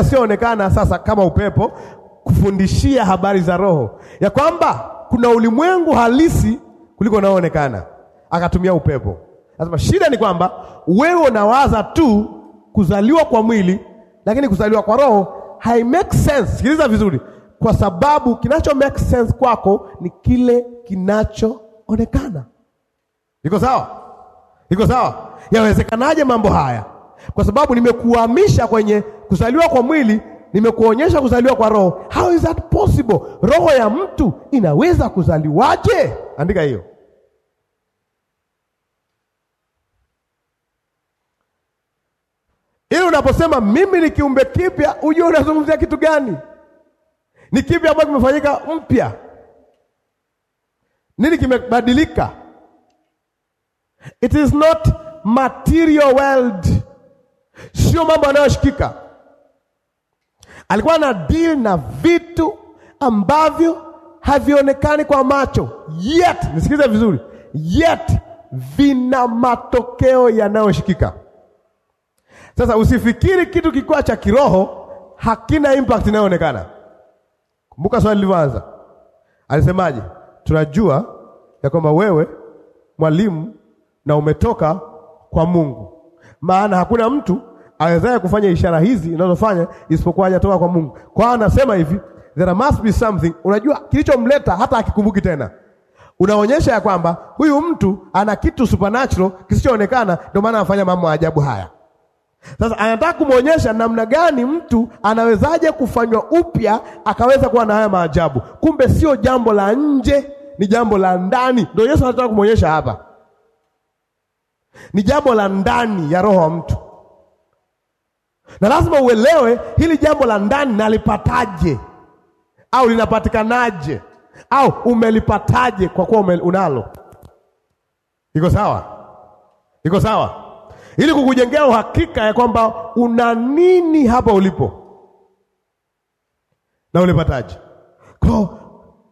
yasiyoonekana sasa kama upepo kufundishia habari za Roho, ya kwamba kuna ulimwengu halisi kuliko unaoonekana. Akatumia upepo. Lazima shida ni kwamba wewe unawaza tu kuzaliwa kwa mwili, lakini kuzaliwa kwa Roho hai make sense. Sikiliza vizuri, kwa sababu kinacho make sense kwako ni kile kinachoonekana. Iko sawa? Iko sawa? Yawezekanaje mambo haya? kwa sababu nimekuhamisha kwenye kuzaliwa kwa mwili, nimekuonyesha kuzaliwa kwa roho. How is that possible? Roho ya mtu inaweza kuzaliwaje? Andika hiyo. Ili unaposema mimi ni kiumbe kipya, ujue unazungumzia kitu gani? Ni kipi ambacho kimefanyika mpya? Nini kimebadilika? It is not material world sio mambo yanayoshikika. Alikuwa na deal na vitu ambavyo havionekani kwa macho yet, nisikize vizuri, yet vina matokeo yanayoshikika. Sasa usifikiri kitu kikuwa cha kiroho hakina impact inayoonekana. Kumbuka swali lilivyoanza, alisemaje? Tunajua ya kwamba wewe mwalimu na umetoka kwa Mungu, maana hakuna mtu awezaye kufanya ishara hizi inazofanya isipokuwa hajatoka kwa Mungu. Kwa anasema hivi, there must be something. Unajua kilichomleta hata akikumbuki tena, unaonyesha ya kwamba huyu mtu ana kitu supernatural kisichoonekana, ndio maana anafanya mambo ya ajabu haya. Sasa anataka kumwonyesha namna gani mtu anawezaje kufanywa upya akaweza kuwa na haya maajabu. Kumbe sio jambo la nje, ni jambo la ndani. Ndio Yesu anataka kumwonyesha hapa, ni jambo la ndani ya roho wa mtu na lazima uelewe hili jambo la ndani nalipataje, au linapatikanaje, au umelipataje, kwa kuwa unalo. Iko sawa? Iko sawa, ili kukujengea uhakika ya kwamba una nini hapa ulipo na ulipataje. Kwa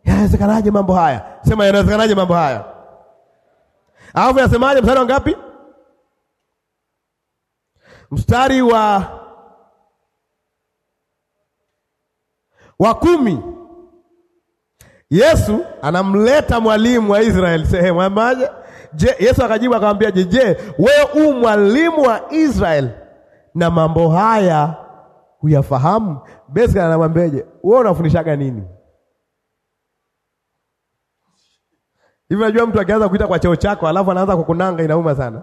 yanawezekanaje mambo haya? Sema yanawezekanaje mambo haya, alafu yasemaje? Mstari wa ngapi? Mstari wa wa kumi, Yesu anamleta mwalimu wa Israeli sehemu ambaye Je, Yesu akajibu akamwambia, je, wewe u mwalimu wa Israeli na mambo haya huyafahamu? Basically anamwambiaje, wewe unafundishaga nini hivi? Najua mtu akianza kuita kwa cheo chako alafu anaanza kukunanga inauma sana.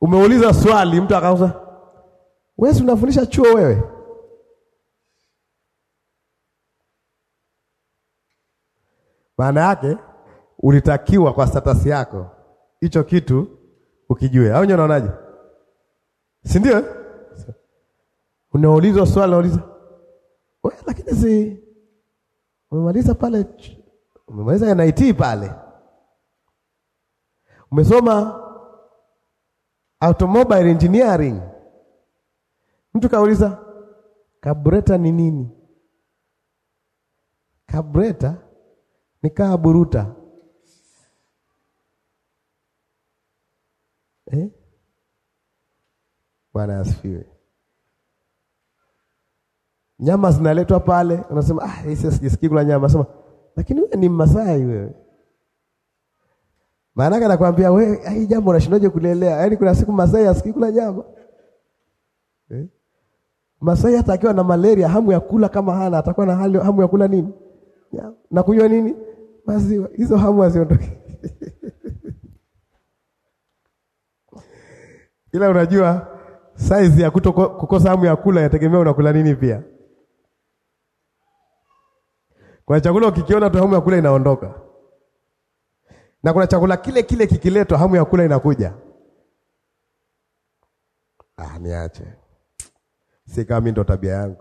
umeuliza swali mtu akauza wewe unafundisha chuo wewe? Maana yake ulitakiwa kwa status yako hicho kitu ukijue, au nyewe unaonaje? Si ndio? Unaulizwa swali, unauliza wewe, lakini si umemaliza pale, umemaliza NIT pale, umesoma automobile engineering Mtu kauliza kabureta ni nini? Kabureta ni kaa buruta eh? Bwana asifiwe. Nyama zinaletwa pale, unasema ah, hisi sijisikii kula nyama. Sema lakini wewe ni Masai wewe. Maana anakwambia wewe, hii jambo unashindaje kulelea? Yaani kuna siku masai asikii kula nyama. Masai hata akiwa na malaria, hamu ya kula kama hana, atakuwa na hali, hamu ya kula nini ya, na kunywa nini maziwa. Hizo hamu haziondoki ila unajua saizi ya kuto kukosa hamu ya kula yategemea unakula nini pia. Kuna chakula ukikiona tu hamu ya kula inaondoka, na kuna chakula kile kile kikiletwa hamu ya kula inakuja. Ah, niache si kama mimi ndo tabia yangu.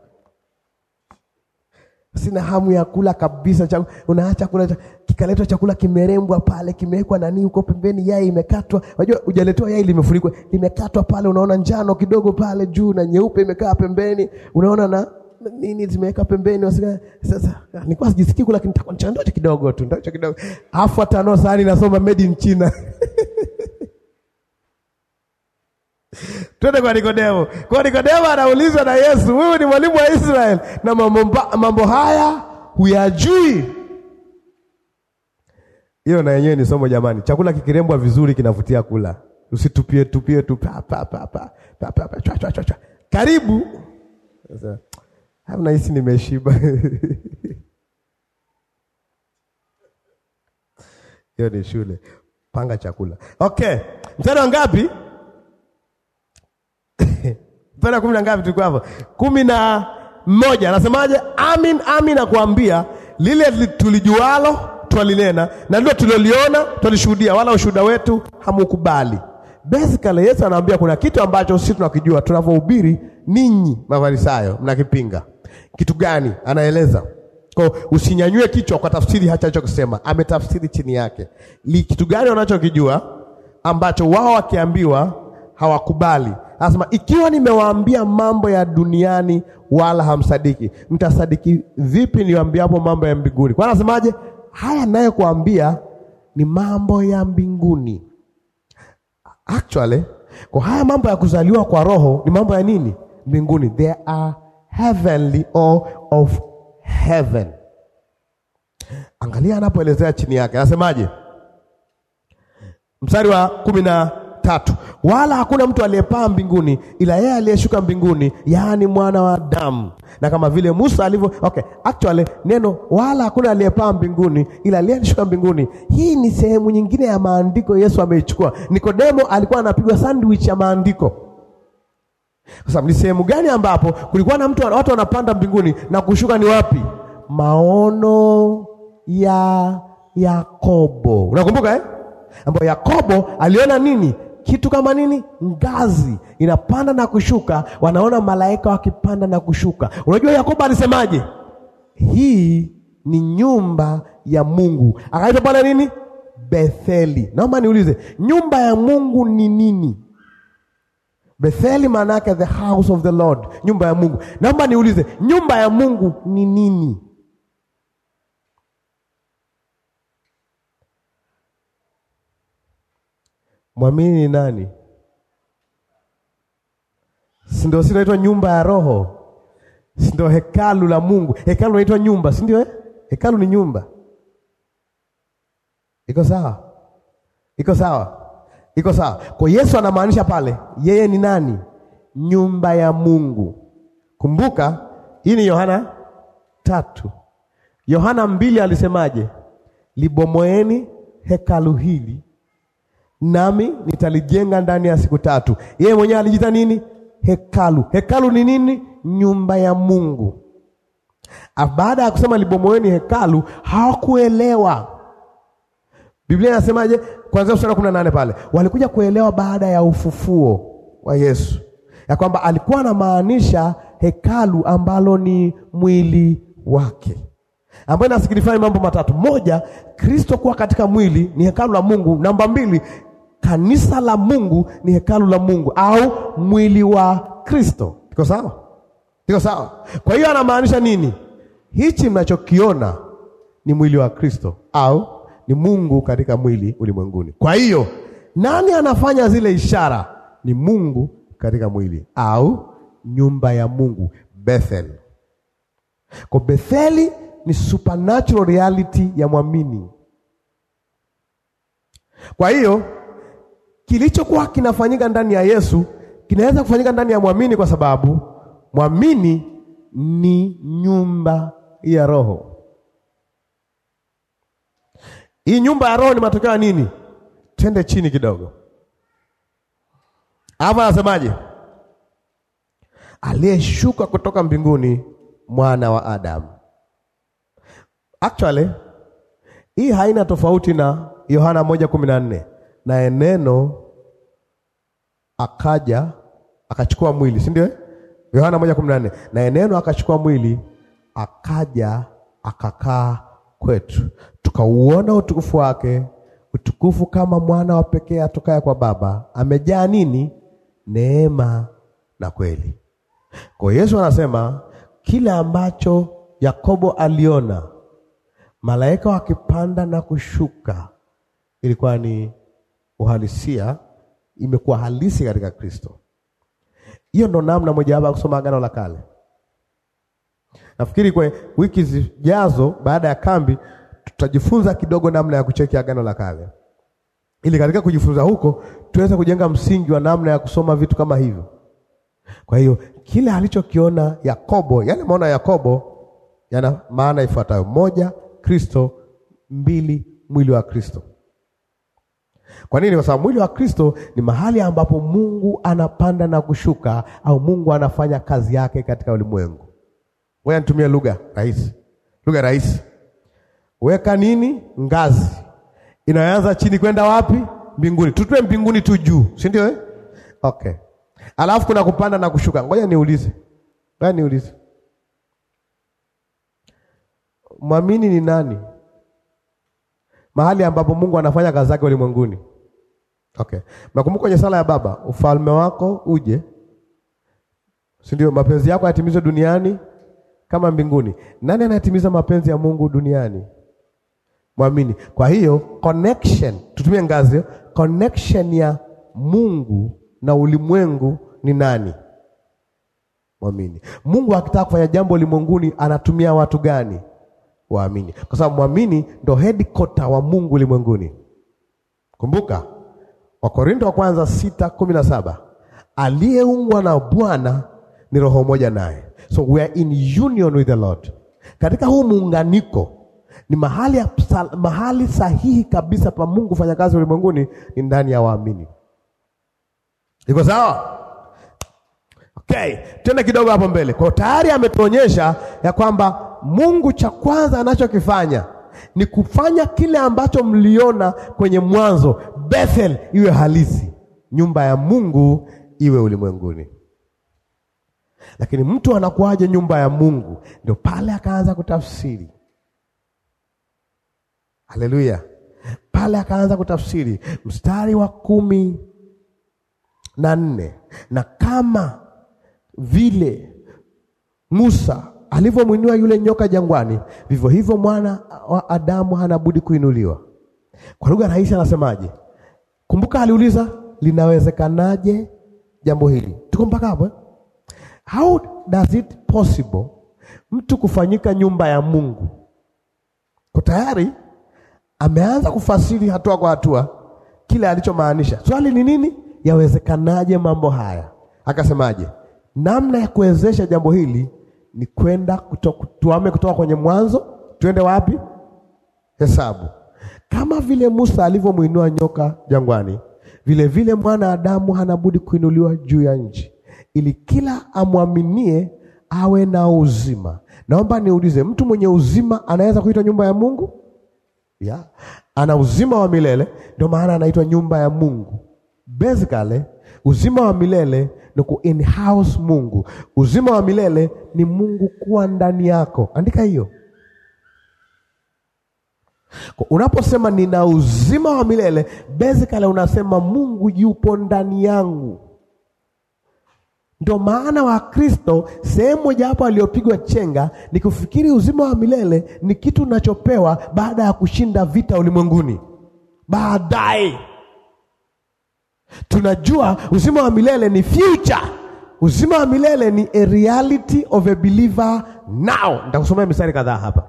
Sina hamu ya kula kabisa chakula. Unaacha kula kikaletwa chakula kimerembwa pale, kimewekwa nani huko pembeni, yai imekatwa. Unajua hujaletewa yai limefunikwa, limekatwa pale, unaona njano kidogo pale juu na nyeupe imekaa pembeni. Unaona na nini zimeweka pembeni wasika. Sasa nilikuwa sijisikii kula, lakini nitakuwa kidogo tu, nitakuwa kidogo. Afu atanao sahani nasoma made in China. Twende kwa Nikodemo. Kwa Nikodemo anaulizwa na Yesu, wewe ni mwalimu wa Israeli na mambo, mambo haya huyajui? Hiyo na yenyewe ni somo jamani. Chakula kikirembwa vizuri kinavutia kula. Usitupie tupie tu pa pa pa pa pa pa cha cha cha. Karibu. Sasa hamna hisi nimeshiba. Hiyo ni shule. Panga chakula. Okay. Mtano ngapi? wa kumi na ngapi tulikuwa hapo? kumi na moja. Anasemaje? Amin, amin nakuambia, lile tulijualo twalinena na lile tuliloliona twalishuhudia, wala ushuhuda wetu hamukubali. Basically Yesu anaambia kuna kitu ambacho sisi tunakijua tunavyohubiri, ninyi Mafarisayo mnakipinga. Kitu gani? Anaeleza kwa usinyanyue kichwa kwa tafsiri hacha kusema, ametafsiri chini yake. Li kitu gani wanachokijua ambacho wao wakiambiwa hawakubali? Anasema ikiwa nimewaambia mambo ya duniani wala hamsadiki, mtasadiki vipi niwaambiapo mambo ya mbinguni? Kwa anasemaje? Haya nayekuambia ni mambo ya mbinguni. Actually, kwa haya mambo ya kuzaliwa kwa roho ni mambo ya nini? Mbinguni. There are heavenly or of heaven. Angalia anapoelezea chini yake, anasemaje? Mstari wa kumi na tatu, wala hakuna mtu aliyepaa mbinguni ila yeye aliyeshuka mbinguni, yaani mwana wa Adamu. Na kama vile Musa alivyo, okay, actually neno wala hakuna aliyepaa mbinguni ila aliyeshuka mbinguni, hii ni sehemu nyingine ya maandiko Yesu ameichukua. Nikodemo alikuwa anapigwa sandwich ya maandiko. sababu ni sehemu gani ambapo kulikuwa na mtu watu wanapanda mbinguni na kushuka ni wapi? Maono ya Yakobo, unakumbuka eh? ambapo Yakobo aliona nini? kitu kama nini, ngazi inapanda na kushuka, wanaona malaika wakipanda na kushuka. Unajua Yakobo alisemaje? Hii ni nyumba ya Mungu, akaita Bwana nini, Betheli. Naomba niulize, nyumba ya Mungu ni nini? Betheli maana yake the house of the Lord, nyumba ya Mungu. Naomba niulize, nyumba ya Mungu ni nini? Mwamini ni nani? Si ndio? sinaitwa nyumba ya Roho, si ndio? Hekalu la Mungu. Hekalu inaitwa nyumba, si ndio? Eh, hekalu ni nyumba. Iko sawa? Iko sawa? Iko sawa? Kwa Yesu anamaanisha pale, yeye ni nani? Nyumba ya Mungu. Kumbuka hii ni Yohana tatu. Yohana mbili alisemaje? Libomoeni hekalu hili nami nitalijenga ndani ya siku tatu. Yeye mwenyewe alijita nini? Hekalu. Hekalu ni nini? Nyumba ya Mungu. Baada ya kusema libomoeni hekalu, hawakuelewa. Biblia inasemaje? Kwanza mstari kumi na nane pale walikuja kuelewa baada ya ufufuo wa Yesu ya kwamba alikuwa anamaanisha hekalu ambalo ni mwili wake ambayo inasikilifanya mambo matatu. Moja, Kristo kuwa katika mwili ni hekalu la Mungu. Namba mbili, kanisa la Mungu ni hekalu la Mungu au mwili wa Kristo. Iko sawa? Iko sawa? Kwa hiyo anamaanisha nini? Hichi mnachokiona ni mwili wa Kristo au ni Mungu katika mwili ulimwenguni. Kwa hiyo nani anafanya zile ishara? Ni Mungu katika mwili au nyumba ya Mungu, Bethel. Kwa Betheli ni supernatural reality ya mwamini. Kwa hiyo kilichokuwa kinafanyika ndani ya Yesu kinaweza kufanyika ndani ya mwamini, kwa sababu mwamini ni nyumba ya Roho. Hii nyumba ya Roho ni matokeo ya nini? Twende chini kidogo hapa, anasemaje? Aliyeshuka kutoka mbinguni, mwana wa Adamu. Actually, hii haina tofauti na Yohana moja kumi na nne akaja akachukua mwili, si ndio? Yohana moja kumi na nne akachukua mwili akaja akakaa kwetu, tukauona utukufu wake, utukufu kama mwana wa pekee atokaye kwa Baba, amejaa nini? Neema na kweli. Kwa Yesu anasema kile ambacho Yakobo aliona malaika wakipanda na kushuka, ilikuwa ni uhalisia, imekuwa halisi katika Kristo. Hiyo ndo namna moja ya kusoma Agano la Kale. Nafikiri kwa wiki zijazo, baada ya kambi, tutajifunza kidogo namna ya kucheki Agano la Kale, ili katika kujifunza huko tuweze kujenga msingi wa namna ya kusoma vitu kama hivyo. Kwa hiyo kile alichokiona Yakobo, yale maono ya Yakobo yana maana ifuatayo: moja, Kristo mbili mwili wa Kristo. Kwa nini? Kwa sababu mwili wa Kristo ni mahali ambapo Mungu anapanda na kushuka, au Mungu anafanya kazi yake katika ulimwengu. Wewe nitumie lugha rahisi, lugha rahisi. Weka nini? Ngazi inaanza chini kwenda wapi? Mbinguni. Tutwe mbinguni tu juu, si ndio eh? Okay, alafu kuna kupanda na kushuka. Ngoja niulize, ngoja niulize Mwamini ni nani? Mahali ambapo Mungu anafanya kazi zake ulimwenguni. Okay. Nakumbuka kwenye sala ya Baba, ufalme wako uje, si ndio? Mapenzi yako yatimizwe duniani kama mbinguni. Nani anayatimiza mapenzi ya Mungu duniani? Mwamini. Kwa hiyo connection, tutumie ngazi, connection ya Mungu na ulimwengu ni nani? Mwamini. Mungu akitaka kufanya jambo ulimwenguni anatumia watu gani? waamini, kwa sababu mwamini ndo headquarter wa Mungu ulimwenguni. Kumbuka Wakorinto wa kwanza sita kumi na saba aliyeungwa na Bwana ni roho moja naye, so we are in union with the Lord. Katika huu muunganiko ni mahali, mahali sahihi kabisa pa Mungu fanya kazi ulimwenguni ni ndani ya waamini. Iko sawa? Okay, twende kidogo hapo mbele. Kwa tayari ametuonyesha ya kwamba Mungu cha kwanza anachokifanya ni kufanya kile ambacho mliona kwenye Mwanzo, Bethel iwe halisi, nyumba ya Mungu iwe ulimwenguni. Lakini mtu anakuwaje nyumba ya Mungu? Ndio pale akaanza kutafsiri. Haleluya! Pale akaanza kutafsiri mstari wa kumi na nne na kama vile Musa alivyomwinua yule nyoka jangwani, vivyo hivyo mwana wa Adamu hana budi kuinuliwa. Kwa lugha rahisi anasemaje? Kumbuka aliuliza linawezekanaje jambo hili? Tuko mpaka hapo. Eh? How does it possible mtu kufanyika nyumba ya Mungu? Kwa tayari ameanza kufasiri hatua kwa hatua kile alichomaanisha. Swali ni nini? Yawezekanaje mambo haya? Akasemaje? Namna ya kuwezesha jambo hili ni kwenda tuame kutoka kwenye mwanzo tuende wapi? Hesabu. Kama vile Musa alivyomwinua nyoka jangwani, vile vile mwana Adamu hanabudi kuinuliwa juu ya nchi, ili kila amwaminie awe na uzima. Naomba niulize, mtu mwenye uzima anaweza kuitwa nyumba ya Mungu? Yeah. Ana uzima wa milele, ndio maana anaitwa nyumba ya Mungu. Basically Uzima wa milele ni ku in-house Mungu. Uzima wa milele ni Mungu kuwa ndani yako. Andika hiyo. Unaposema nina uzima wa milele, basically unasema Mungu yupo ndani yangu. Ndio maana wa kristo sehemu moja hapo aliyopigwa chenga ni kufikiri uzima wa milele ni kitu unachopewa baada ya kushinda vita ulimwenguni baadaye Tunajua uzima wa milele ni future. Uzima wa milele ni a reality of a believer now. Nitakusomea mistari kadhaa hapa.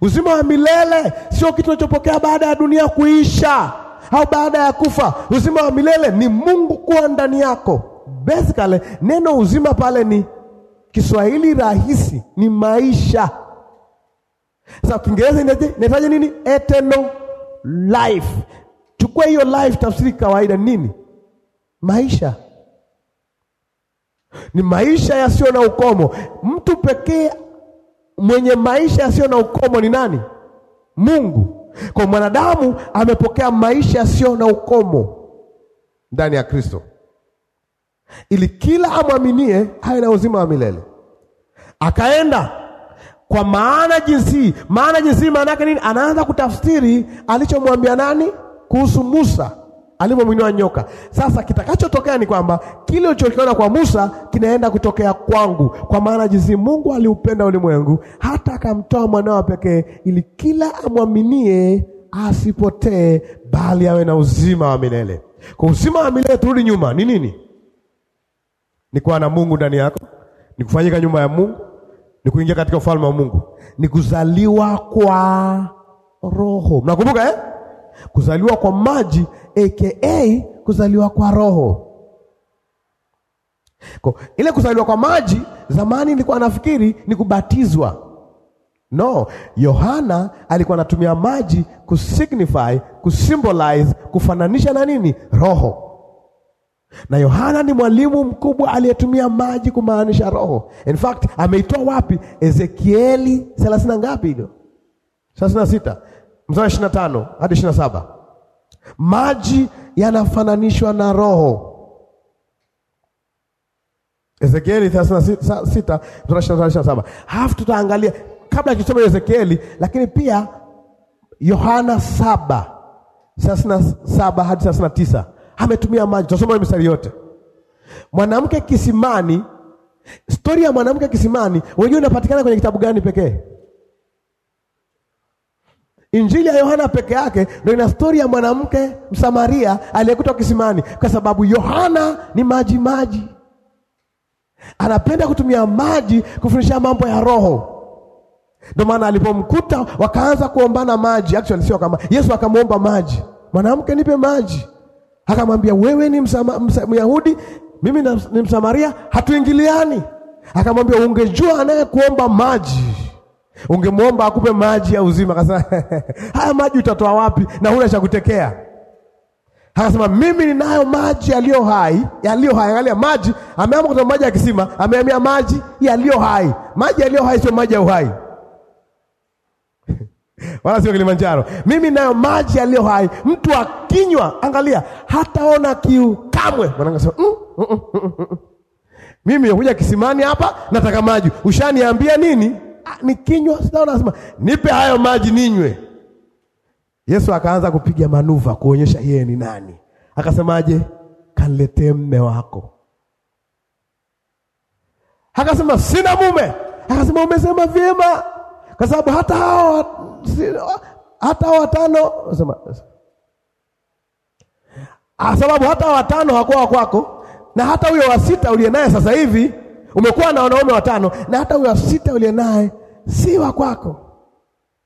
Uzima wa milele sio kitu unachopokea baada ya dunia kuisha au baada ya kufa. Uzima wa milele ni Mungu kuwa ndani yako. Basically, neno uzima pale ni Kiswahili rahisi, ni maisha. Sasa Kiingereza inahitaji nini? Eternal life Chukua hiyo life tafsiri kawaida nini? Maisha ni maisha yasiyo na ukomo. Mtu pekee mwenye maisha yasiyo na ukomo ni nani? Mungu. Kwa mwanadamu amepokea maisha yasiyo na ukomo ndani ya Kristo, ili kila amwaminie awe na uzima wa milele. Akaenda kwa maana jinsi, maana jinsi maana yake nini? Anaanza kutafsiri alichomwambia nani? kuhusu Musa alivyomwinua nyoka. Sasa kitakachotokea ni kwamba kile ulichokiona kwa Musa kinaenda kutokea kwangu, kwa maana jinsi Mungu aliupenda ulimwengu hata akamtoa mwanao pekee, ili kila amwaminie asipotee, bali awe na uzima wa milele. Kwa uzima wa milele, turudi nyuma, ni nini? Ni kuwa na Mungu ndani yako, ni kufanyika nyumba ya Mungu, ni kuingia katika ufalme wa Mungu, ni kuzaliwa kwa Roho. Mnakumbuka eh? kuzaliwa kwa maji aka kuzaliwa kwa roho. Kwa ile kuzaliwa kwa maji, zamani nilikuwa nafikiri ni kubatizwa. No, Yohana alikuwa anatumia maji kusignify, kusymbolize, kufananisha na nini? Roho. Na Yohana ni mwalimu mkubwa aliyetumia maji kumaanisha roho. In fact, ameitoa wapi? Ezekieli 30 na ngapi hiyo? thelathini sita mstari ishirini na tano hadi ishirini na saba maji yanafananishwa na roho. Ezekieli thelathini na saba Halafu tutaangalia kabla ya kusoma Ezekieli, lakini pia Yohana saba thelathini saba hadi thelathini ametumia maji. Tutasoma mistari yote. Mwanamke kisimani, stori ya mwanamke kisimani, wenyewe unapatikana kwenye kitabu gani pekee? Injili ya Yohana peke yake ndio ina stori ya mwanamke Msamaria aliyekutwa kisimani, kwa sababu Yohana ni maji maji, anapenda kutumia maji kufundisha mambo ya roho. Ndio maana alipomkuta wakaanza kuombana maji, actually sio kama Yesu akamwomba maji, mwanamke nipe maji, akamwambia wewe ni Myahudi, mimi ni Msamaria, hatuingiliani. Akamwambia ungejua anayekuomba maji Ungemwomba akupe maji ya uzima, akasema haya maji utatoa wapi na huna cha kutekea? Akasema mimi ninayo maji yaliyo hai, yaliyo hai. Angalia maji, ameamua kutoa maji ya kisima, ameamia maji yaliyo hai. Maji yaliyo hai sio maji ya uhai wala sio Kilimanjaro. Mimi nayo maji yaliyo hai, mtu akinywa, angalia, hataona kiu kamwe. Mwanangu sema mm, mm, mm, mm, mm. Mimi nakuja kisimani hapa, nataka maji, ushaniambia nini? Ah, nikinywa sasa, unasema nipe hayo maji ninywe. Yesu akaanza kupiga manuva kuonyesha yeye ni nani. Akasemaje? Kaniletee mme wako. Akasema sina mume. Akasema umesema vyema, kwa sababu hata hao hata watano, sema ah, sababu hata watano wa kwako, na hata huyo wa sita uliye naye sasa hivi umekuwa na wanaume watano, na hata huyo wa sita uliye naye si wa kwako.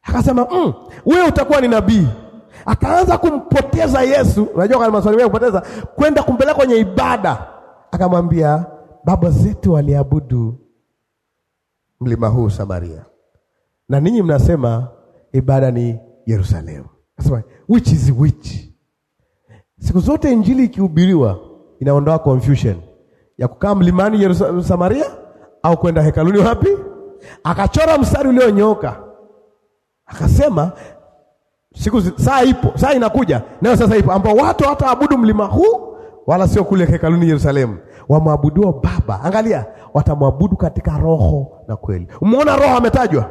Akasema mm, wewe utakuwa ni nabii. Akaanza kumpoteza Yesu, unajua kana maswali mengi kupoteza, kwenda kumpeleka kwenye ibada. Akamwambia, baba zetu waliabudu mlima huu Samaria, na ninyi mnasema ibada ni Yerusalemu. Akasema which is which? Siku zote injili ikihubiriwa inaondoa confusion ya kukaa mlimani Yerusalemu Samaria, au kwenda hekaluni wapi akachora mstari ulionyoka akasema siku saa ipo, saa inakuja nayo sasa ipo, ambao watu wataabudu mlima huu wala sio kule hekaluni Yerusalemu, wamwabuduo Baba. Angalia, watamwabudu katika roho na kweli. Umeona roho ametajwa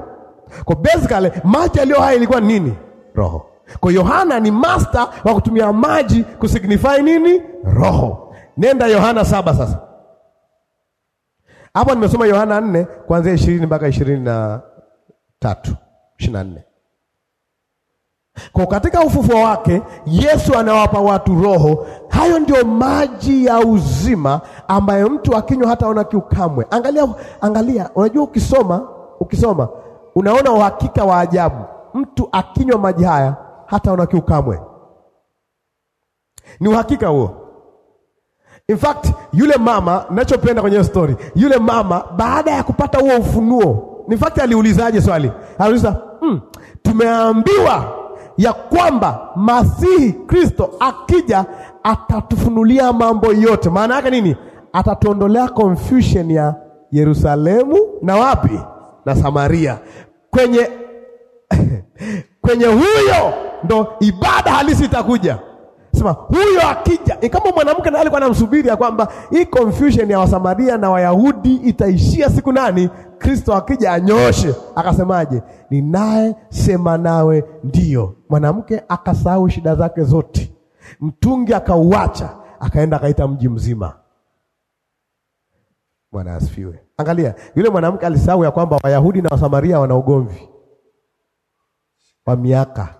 kwa basically, maji aliyo hai ilikuwa nini? Roho. Kwa Yohana ni master wa kutumia maji kusignify nini? Roho. Nenda Yohana saba sasa hapo nimesoma Yohana 4 kuanzia ishirini mpaka 23 na tatu na Kwa katika ufufuo wake Yesu anawapa watu roho. Hayo ndio maji ya uzima ambayo mtu akinywa hata kiu kamwe. Angalia, angalia, unajua ukisoma, ukisoma unaona uhakika wa ajabu. Mtu akinywa maji haya hata kiu kamwe, ni uhakika huo. In fact, yule mama ninachopenda kwenye story, yule mama baada ya kupata huo ufunuo, in fact aliulizaje swali? Aliuliza, hmm, tumeambiwa ya kwamba Masihi Kristo akija atatufunulia mambo yote. Maana yake nini? Atatuondolea confusion ya Yerusalemu na wapi na Samaria. Kwenye kwenye huyo ndo ibada halisi itakuja. Sema huyo akija, ni eh, kama mwanamke na alikuwa anamsubiri ya kwamba hii confusion ya Wasamaria na Wayahudi itaishia siku nani? Kristo akija anyoshe Akasemaje? Ninaye sema nawe ndio. Mwanamke akasahau shida zake zote, mtungi akauacha, akaenda akaita mji mzima. Bwana asifiwe. Angalia, yule mwanamke alisahau ya kwamba Wayahudi na Wasamaria wana ugomvi wa miaka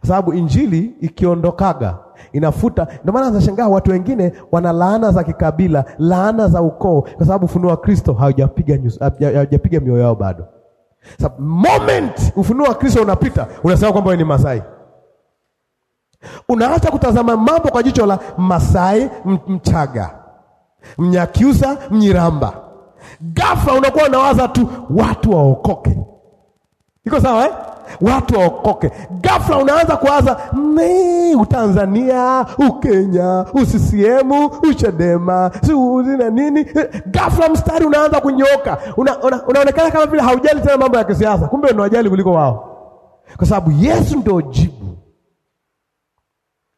kwa sababu injili ikiondokaga inafuta. Ndio maana nashangaa watu wengine wana laana za kikabila, laana za ukoo, kwa sababu ufunuo wa Kristo haujapiga haujapiga mioyo yao bado. Sababu moment ufunuo wa Kristo unapita, unasema kwamba wewe ni Masai, unaacha kutazama mambo kwa jicho la Masai, Mchaga, Mnyakyusa, Mnyiramba. Ghafla unakuwa unawaza tu watu waokoke. Iko sawa eh? watu waokoke. Ghafla unaanza kuwaza Utanzania, Ukenya, usisiemu, uchadema, siuzi na nini. Ghafla mstari unaanza kunyoka unaonekana una, una kama vile haujali tena mambo ya kisiasa, kumbe unawajali kuliko wao, kwa sababu Yesu ndio jibu.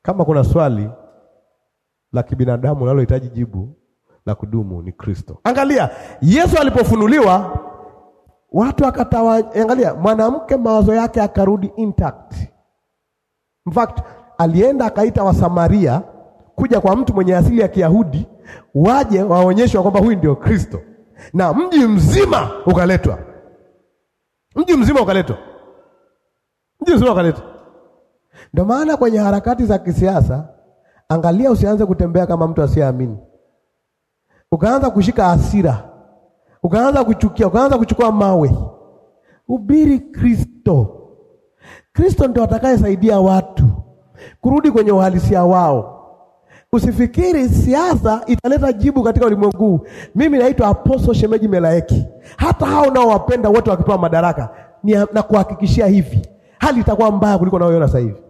Kama kuna swali la kibinadamu unalohitaji jibu la kudumu ni Kristo. Angalia Yesu alipofunuliwa watu akatawa. Angalia, mwanamke mawazo yake akarudi intact. In fact alienda akaita Wasamaria kuja kwa mtu mwenye asili ya Kiyahudi waje waonyeshwe kwamba huyu ndio Kristo, na mji mzima ukaletwa, mji mzima ukaletwa, mji mzima ukaletwa. Ndio maana kwenye harakati za kisiasa, angalia, usianze kutembea kama mtu asiyeamini, ukaanza kushika hasira ukaanza kuchukia, ukaanza kuchukua mawe. Hubiri Kristo. Kristo ndo atakayesaidia watu kurudi kwenye uhalisia wao. Usifikiri siasa italeta jibu katika ulimwengu Mimi naitwa Apostle Shemeji Melaeki. Hata hao nao wapenda wote wakipewa madaraka, nakuhakikishia hivi, hali itakuwa mbaya kuliko nayoiona sasa hivi.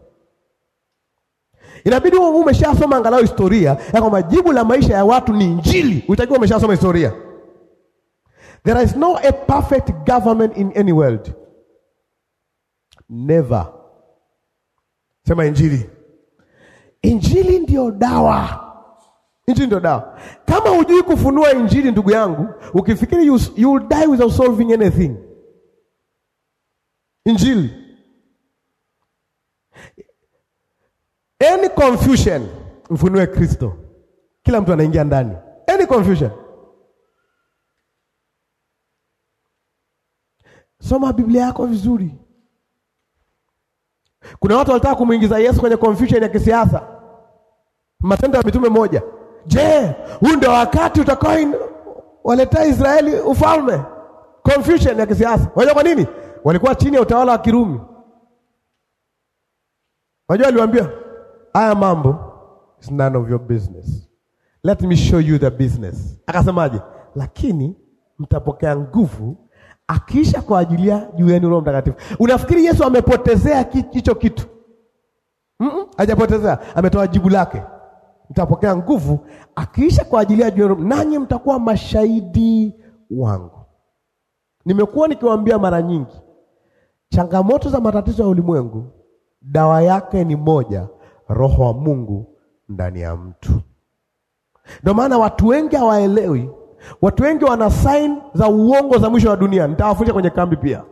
Inabidi umeshasoma angalau historia ya kwamba jibu la maisha ya watu ni Injili. Utakiwa umeshasoma historia There is no a perfect government in any world. Never. Sema injili. Injili ndio dawa. Injili ndio dawa. Kama hujui kufunua injili, ndugu yangu, ukifikiri you, you will die without solving anything. Injili. Any confusion, mfunue Kristo. Kila mtu anaingia ndani. Any confusion Soma Biblia yako vizuri. Kuna watu walitaka kumwingiza Yesu kwenye confusion ya kisiasa. Matendo ya Mitume moja. Je, huu ndio wakati utakao waletea Israeli ufalme? Confusion ya kisiasa. Wajua kwa nini? Walikuwa chini ya utawala wa Kirumi. Wajua aliwaambia, haya mambo is none of your business. Let me show you the business. Akasemaje? Lakini mtapokea nguvu akisha kuajilia juu yenu Roho Mtakatifu. Unafikiri Yesu amepotezea hicho kitu? Mm-mm, hajapotezea, ametoa jibu lake, mtapokea nguvu akiisha kuajilia juu yenu, nanyi mtakuwa mashahidi wangu. Nimekuwa nikiwaambia mara nyingi, changamoto za matatizo ya ulimwengu, dawa yake ni moja, Roho wa Mungu ndani ya mtu. Ndio maana watu wengi hawaelewi Watu wengi wana sign za uongo za mwisho wa dunia. Nitawafundisha kwenye kambi pia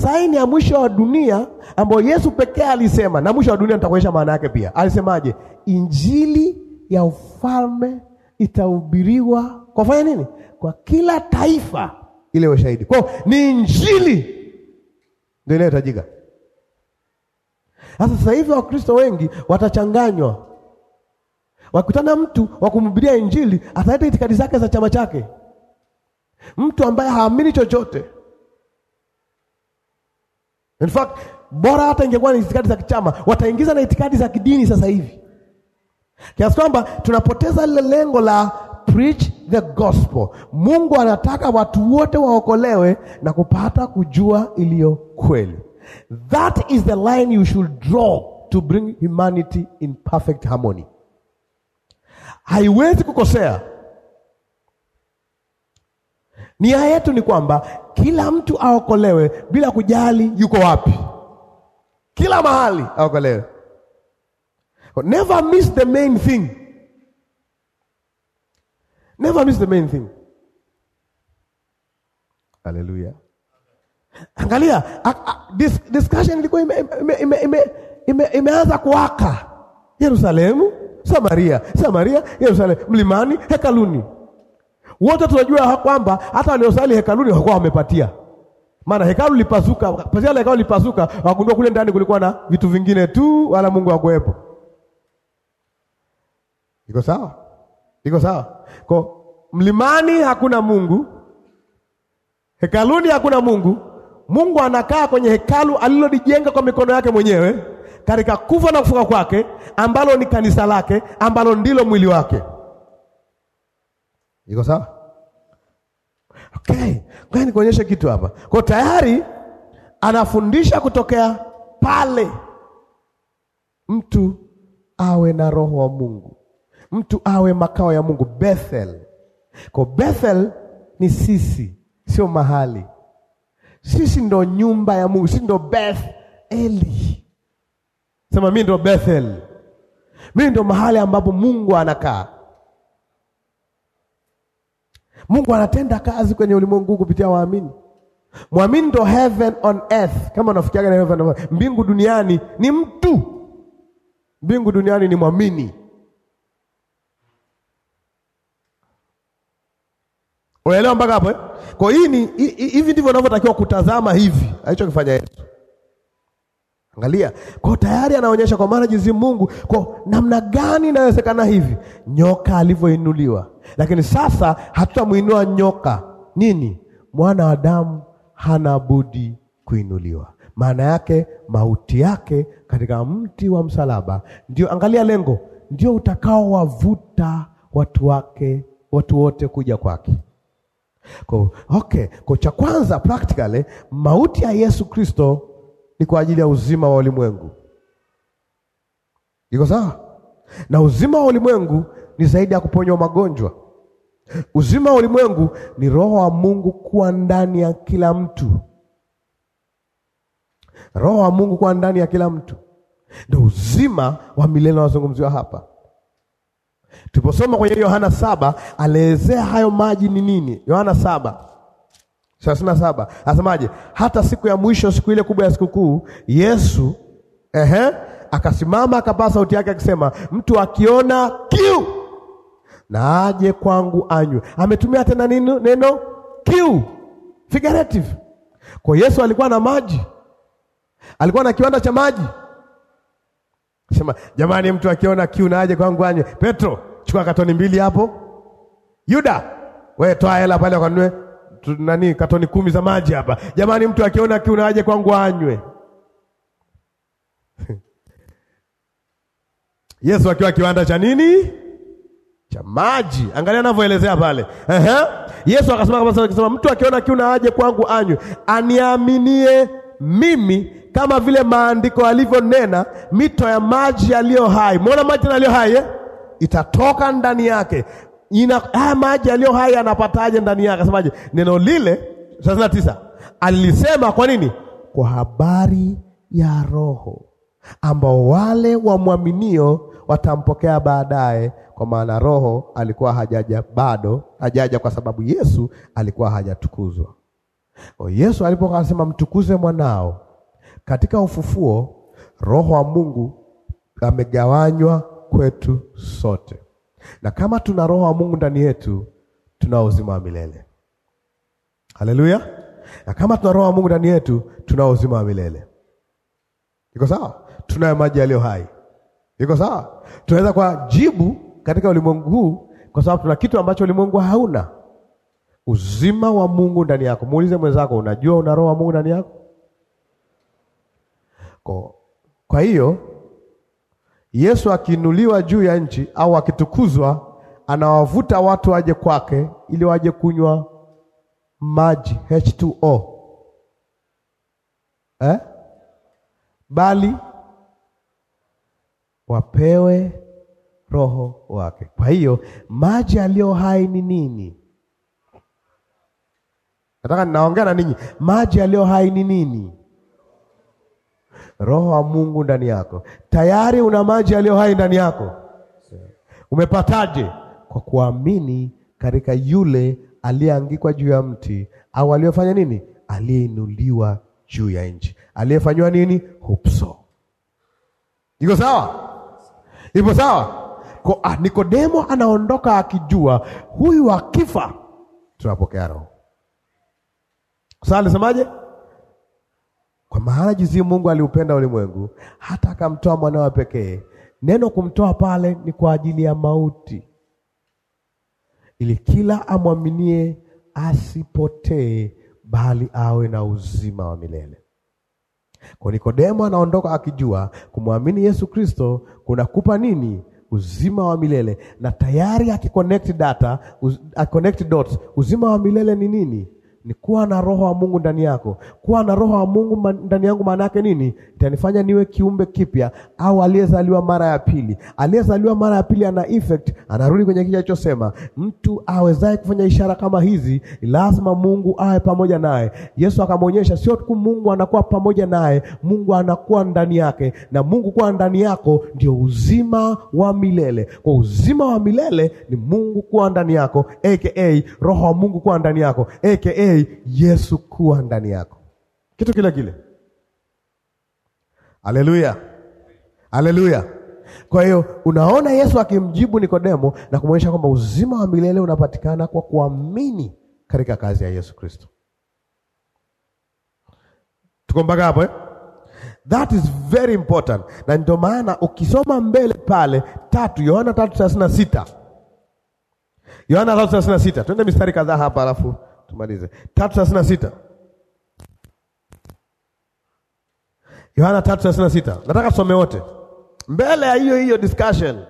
saini ya mwisho wa dunia ambayo Yesu pekee alisema, na mwisho wa dunia nitakuonyesha maana yake pia. Alisemaje? Injili ya ufalme itahubiriwa kwa fanya nini? Kwa kila taifa, ile ushahidi Kwa ni injili, ndio inayohitajika. Sasa hivi Wakristo wengi watachanganywa, Wakutana mtu wa kumhubiria Injili, ataleta itikadi zake za chama chake, mtu ambaye haamini chochote. In fact, bora hata ingekuwa na itikadi za kichama, wataingiza na itikadi za kidini sasa hivi, kiasi kwamba tunapoteza lile lengo la preach the gospel. Mungu anataka watu wote waokolewe na kupata kujua iliyo kweli. That is the line you should draw to bring humanity in perfect harmony haiwezi kukosea. Nia yetu ni kwamba kila mtu aokolewe bila kujali yuko wapi, kila mahali aokolewe. Never miss the main thing, never miss the main thing. Haleluya! Angalia discussion ilikuwa imeanza kuwaka Yerusalemu Samaria, Samaria, Yerusalemu, mlimani, hekaluni. Wote tunajua kwamba hata waliosali hekaluni hawakuwa wamepatia, maana hekalu lipasuka, pazia la hekalu lipasuka, wakagundua kule ndani kulikuwa na vitu vingine tu, wala Mungu hakuwepo. Iko sawa? Iko sawa? Kwa mlimani hakuna Mungu, hekaluni hakuna Mungu. Mungu anakaa kwenye hekalu alilolijenga kwa mikono yake mwenyewe katika kufa na kufuka kwake, ambalo ni kanisa lake, ambalo ndilo mwili wake. Iko sawa? Okay, kwani nikuonyeshe kitu hapa. Kwa tayari anafundisha kutokea pale mtu awe na roho wa Mungu, mtu awe makao ya Mungu, Bethel. Kwa Bethel ni sisi, sio mahali. Sisi ndo nyumba ya Mungu, sisi ndo Beth Eli Sema mimi ndo Bethel, mimi ndo mahali ambapo Mungu anakaa. Mungu anatenda kazi kwenye ulimwengu kupitia waamini. Mwamini ndo heaven on earth. Kama unafikiaga na heaven on earth, mbingu duniani ni mtu, mbingu duniani ni mwamini. Unaelewa mpaka hapo eh? Kwa hivi ndivyo unavyotakiwa kutazama hivi alichokifanya Yesu. Angalia, kwa tayari anaonyesha kwa maana jinsi Mungu kwa namna gani inawezekana hivi nyoka alivyoinuliwa. Lakini sasa hatutamwinua nyoka nini? Mwana wa damu hana budi kuinuliwa, maana yake mauti yake katika mti wa msalaba ndio, angalia lengo, ndio utakaowavuta watu wake, watu wote kuja kwake. Kwa okay, kwa cha kwanza practically mauti ya Yesu Kristo ni kwa ajili ya uzima wa ulimwengu. Iko sawa? Na uzima wa ulimwengu ni zaidi ya kuponywa magonjwa. Uzima wa ulimwengu ni roho wa Mungu kuwa ndani ya kila mtu. Roho wa Mungu kuwa ndani ya kila mtu ndio uzima wa milele unazungumziwa hapa. Tuliposoma kwenye Yohana saba, alielezea hayo maji ni nini. Yohana saba thelathini na saba asemaje? Hata siku ya mwisho, siku ile kubwa ya sikukuu, Yesu ehe, akasimama akapaa sauti yake akisema, mtu akiona kiu na aje kwangu anywe. Ametumia tena neno, neno kiu figurative. Kwa Yesu alikuwa na maji, alikuwa na kiwanda cha maji. Sema jamani, mtu akiona kiu na aje kwangu anywe. Petro, chukua katoni mbili hapo. Yuda, wewe toa hela pale kanunue nani katoni kumi za maji hapa. Jamani, mtu akiona kiu na aje kwangu anywe. Yesu akiwa kiwanda cha nini? Cha maji. Angalia anavyoelezea pale. Ehe. Yesu akasema kama akisema mtu akiona kiu na aje kwangu anywe, aniaminie mimi kama vile maandiko alivyonena, mito ya maji yaliyo hai. Muona maji yaliyo hai eh? itatoka ndani yake ina haya maji yaliyo hai yanapataje ndani yake? Akasemaje neno lile 39 tisa alisema kwa nini? Kwa habari ya Roho ambao wale wamwaminio watampokea baadaye, kwa maana Roho alikuwa hajaja bado, hajaja kwa sababu Yesu alikuwa hajatukuzwa. O, Yesu alipokuwa anasema mtukuze mwanao katika ufufuo, Roho wa Mungu amegawanywa kwetu sote na kama tuna roho wa Mungu ndani yetu tuna uzima wa milele. Haleluya! na kama tuna roho wa Mungu ndani yetu tuna uzima wa milele. Iko sawa? Tunayo maji yaliyo hai. Iko sawa? Tunaweza kwa jibu katika ulimwengu huu, kwa sababu tuna kitu ambacho ulimwengu hauna, uzima wa Mungu ndani yako. Muulize mwenzako, unajua una roho wa Mungu ndani yako? Kwa hiyo Yesu akiinuliwa juu ya nchi au akitukuzwa, anawavuta watu waje kwake ili waje kunywa maji H2O eh? Bali wapewe roho wake. Kwa hiyo maji aliyo hai ni nini? Nataka ninaongea na ninyi, maji aliyo hai ni nini? Roho wa Mungu ndani yako tayari, una maji yaliyo hai ndani yako. Umepataje? Kwa kuamini katika yule aliyeangikwa juu ya mti, au aliyofanya nini, aliyeinuliwa juu ya nchi, aliyefanywa nini, hupso. Iko sawa? Ipo sawa? Ah, Nikodemo anaondoka akijua huyu akifa tunapokea roho. Sasa alisemaje? Kwa maana jinsi Mungu aliupenda ulimwengu hata akamtoa mwanawe pekee. Neno kumtoa pale ni kwa ajili ya mauti, ili kila amwaminie asipotee, bali awe na uzima wa milele. Kwa Nikodemo anaondoka akijua kumwamini Yesu Kristo kunakupa nini? Uzima wa milele. Na tayari akikonekti data, uz, dots, uzima wa milele ni nini? ni kuwa na roho wa Mungu ndani yako. Kuwa na roho wa Mungu ndani yangu maana yake nini? Itanifanya niwe kiumbe kipya au aliyezaliwa mara ya pili. Aliyezaliwa mara ya pili ana effect, anarudi kwenye kile alichosema, mtu awezaye kufanya ishara kama hizi lazima Mungu awe pamoja naye. Yesu akamwonyesha, sio tu Mungu anakuwa pamoja naye, Mungu anakuwa ndani yake, na Mungu kuwa ndani yako ndio uzima wa milele. Kwa uzima wa milele ni Mungu kuwa ndani yako, aka roho wa Mungu kuwa ndani yako, aka Utegemee Yesu kuwa ndani yako, kitu kile kile. Haleluya, haleluya. Kwa hiyo unaona Yesu akimjibu Nikodemo na kumwonyesha kwamba uzima wa milele unapatikana kwa kuamini katika kazi ya Yesu Kristo. Tuko mpaka hapo eh? That is very important, na ndio maana ukisoma mbele pale tatu, Yohana tatu thelathini na sita Yohana tatu thelathini na sita twende mistari kadhaa hapa alafu tumalize tatu thelathini na sita Yohana tatu thelathini na sita nataka tusome wote mbele ya hiyo hiyo discussion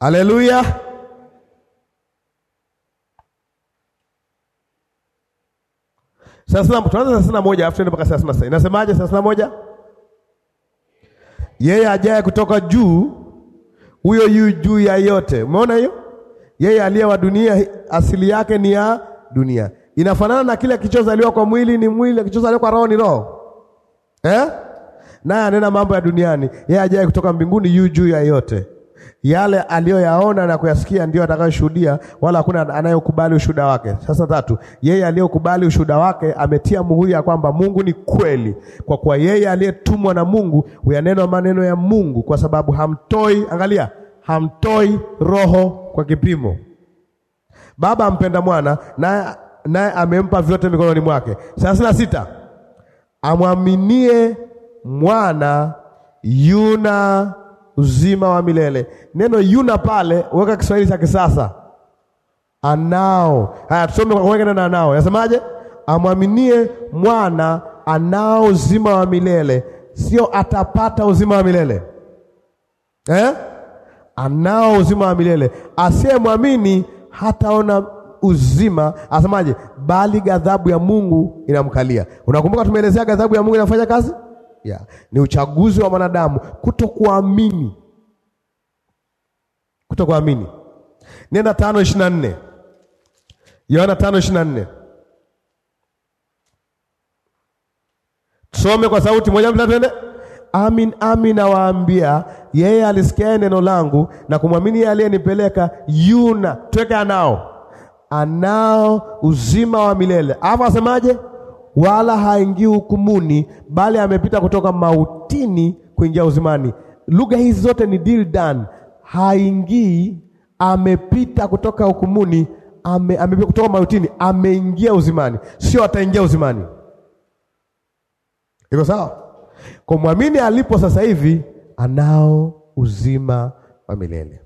Hallelujah. Sasa thelathini na moja tuende mpaka thelathini na sita. Inasemaje thelathini na moja? Yeye ajaye kutoka juu, huyo yu juu ya yote. Umeona hiyo? Yeye aliye wa dunia, asili yake ni ya dunia. Inafanana na kile kilichozaliwa kwa mwili ni mwili, kilichozaliwa kwa roho ni roho, eh? Naye anena mambo ya duniani. Yeye ajaye kutoka mbinguni yu juu ya yote yale aliyoyaona na kuyasikia ndio atakayoshuhudia, wala hakuna anayokubali ushuhuda wake. Sasa tatu, yeye aliyokubali ushuhuda wake ametia muhuri ya kwamba Mungu ni kweli, kwa kuwa yeye aliyetumwa na Mungu huyanena maneno ya Mungu, kwa sababu hamtoi, angalia, hamtoi roho kwa kipimo. Baba ampenda mwana naye naye amempa vyote mikononi mwake. thelathini na sita, amwaminie mwana yuna uzima wa milele. Neno yuna pale, weka Kiswahili cha kisasa, anao. Haya, tusome kwa kuweka neno anao, yasemaje? Amwaminie mwana anao uzima wa milele, sio atapata uzima wa milele eh? Anao uzima wa milele. Asiyemwamini hataona uzima, asemaje? Bali ghadhabu ya Mungu inamkalia. Unakumbuka tumeelezea ghadhabu ya Mungu inafanya kazi yeah. Ni uchaguzi wa mwanadamu kutokuamini, kutokuamini. Nenda tano ishirini na nne Yohana tano ishirini na nne Tusome kwa sauti moja, mbili, twende. Amin, amin nawaambia, yeye alisikia neno langu na kumwamini yeye aliyenipeleka yuna tweka, anao anao uzima wa milele. Hapo asemaje? wala haingii hukumuni, bali amepita kutoka mautini kuingia uzimani. Lugha hizi zote ni deal done. Haingii, amepita kutoka hukumuni, ame, ame, kutoka mautini ameingia uzimani, sio ataingia uzimani. Iko sawa? Kwa mwamini alipo sasa hivi anao uzima wa milele,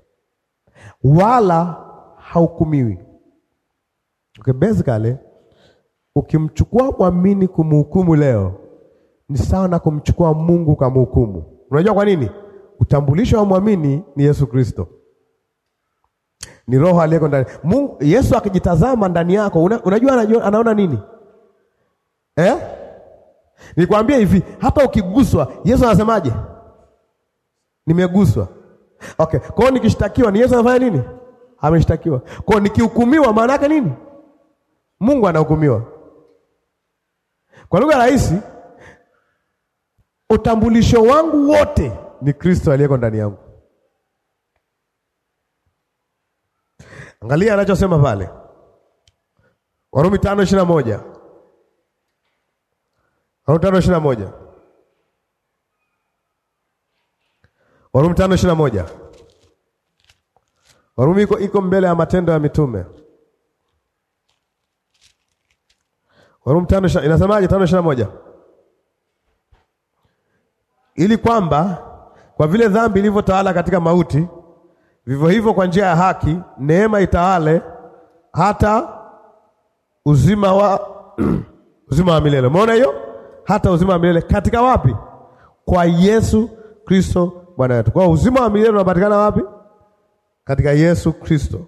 wala haukumiwi. Okay, basically Ukimchukua mwamini kumhukumu leo ni sawa na kumchukua Mungu kamhukumu Unajua kwa nini? Utambulisho wa mwamini ni Yesu Kristo, ni roho aliyeko ndani Mungu. Yesu akijitazama ndani yako, unajua anajua, anaona nini eh? Nikwambia hivi, hata ukiguswa, Yesu anasemaje? Nimeguswa. Okay, kwa hiyo nikishtakiwa ni Yesu anafanya nini? Ameshtakiwa. Kwa hiyo nikihukumiwa, maana yake nini? Mungu anahukumiwa. Kwa lugha rahisi, utambulisho wangu wote ni Kristo aliyeko ndani yangu. Angalia anachosema pale Warumi tano ishirini na moja Warumi tano ishirini na moja Warumi tano ishirini na moja Warumi iko iko mbele ya Matendo ya Mitume. Warumi tano inasemaje? tano ishirini na moja ili kwamba kwa vile dhambi ilivyotawala katika mauti, vivyo hivyo kwa njia ya haki neema itawale hata uzima wa uzima wa milele. Umeona hiyo? Hata uzima wa milele katika wapi? Kwa Yesu Kristo Bwana wetu. Kwa uzima wa milele unapatikana wapi? Katika Yesu Kristo,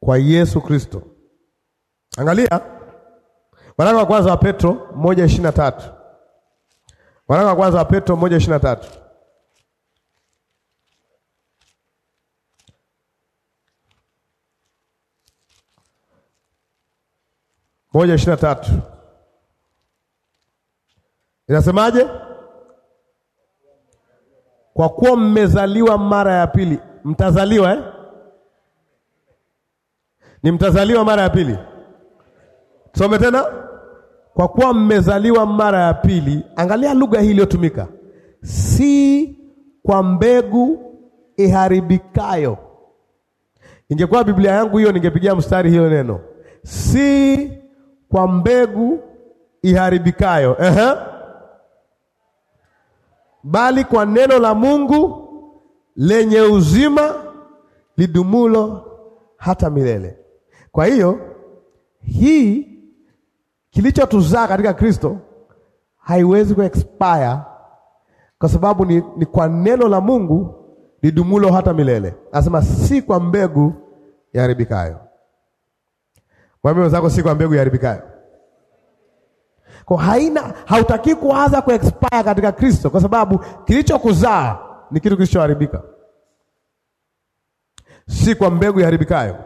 kwa Yesu Kristo. Angalia Waraka wa kwanza wa Petro moja ishirini na tatu. Waraka wa kwanza wa Petro moja ishirini na tatu. moja ishirini na tatu inasemaje? Kwa kuwa mmezaliwa mara ya pili, mtazaliwa eh? Ni mtazaliwa mara ya pili. Tusome tena kwa kuwa mmezaliwa mara ya pili. Angalia lugha hii iliyotumika, si kwa mbegu iharibikayo. Ingekuwa Biblia yangu hiyo, ningepigia mstari hiyo neno, si kwa mbegu iharibikayo, uh -huh. bali kwa neno la Mungu lenye uzima lidumulo hata milele. Kwa hiyo hii kilichotuzaa katika Kristo haiwezi ku expire kwa sababu ni, ni kwa neno la Mungu lidumulo hata milele. Anasema si kwa mbegu yaharibikayo. Mwambie wenzako si kwa mbegu yaharibikayo. Kwa haina hautaki kuanza ku expire katika Kristo kwa sababu kilichokuzaa ni kitu kilichoharibika. Si kwa mbegu yaharibikayo.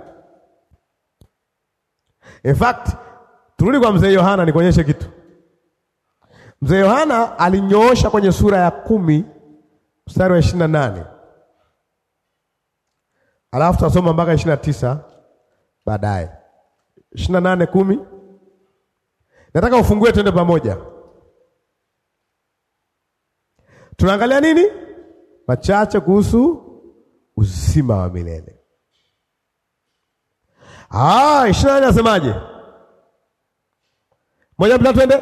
In fact Turudi kwa mzee Yohana nikuonyeshe kitu. Mzee Yohana alinyoosha kwenye sura ya kumi mstari wa ishirini na nane alafu tutasoma mpaka ishirini na tisa baadaye. ishirini na nane kumi nataka ufungue, twende pamoja. Tunaangalia nini? Machache kuhusu uzima wa milele. Ah, ishirini na nane nasemaje? Moja bila twende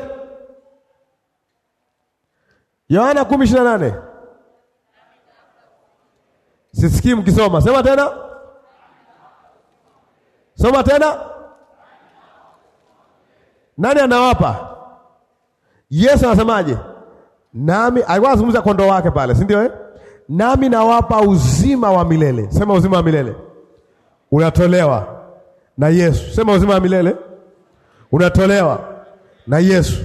Yohana kumi ishirini na nane. Sisikii mkisoma. Sema tena, soma tena. Nani anawapa? Yesu anasemaje? Nami alikuwa anazungumza kondoo wake pale, si ndio eh? Nami nawapa uzima wa milele. Sema uzima wa milele unatolewa na Yesu. Sema uzima wa milele unatolewa na Yesu.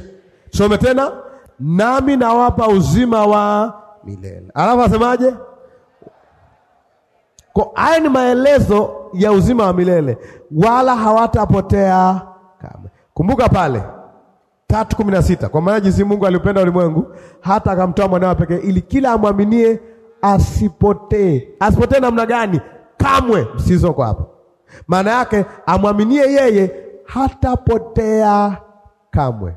Some tena, nami nawapa uzima wa milele. Alafu asemaje? Kwa haya ni maelezo ya uzima wa milele, wala hawatapotea kamwe. Kumbuka pale tatu kumi na sita kwa maana jinsi Mungu aliupenda ulimwengu hata akamtoa mwanawe pekee, ili kila amwaminie asipotee. Asipotee namna gani? Kamwe. Msizo kwa hapo, maana yake amwaminie yeye hatapotea kamwe,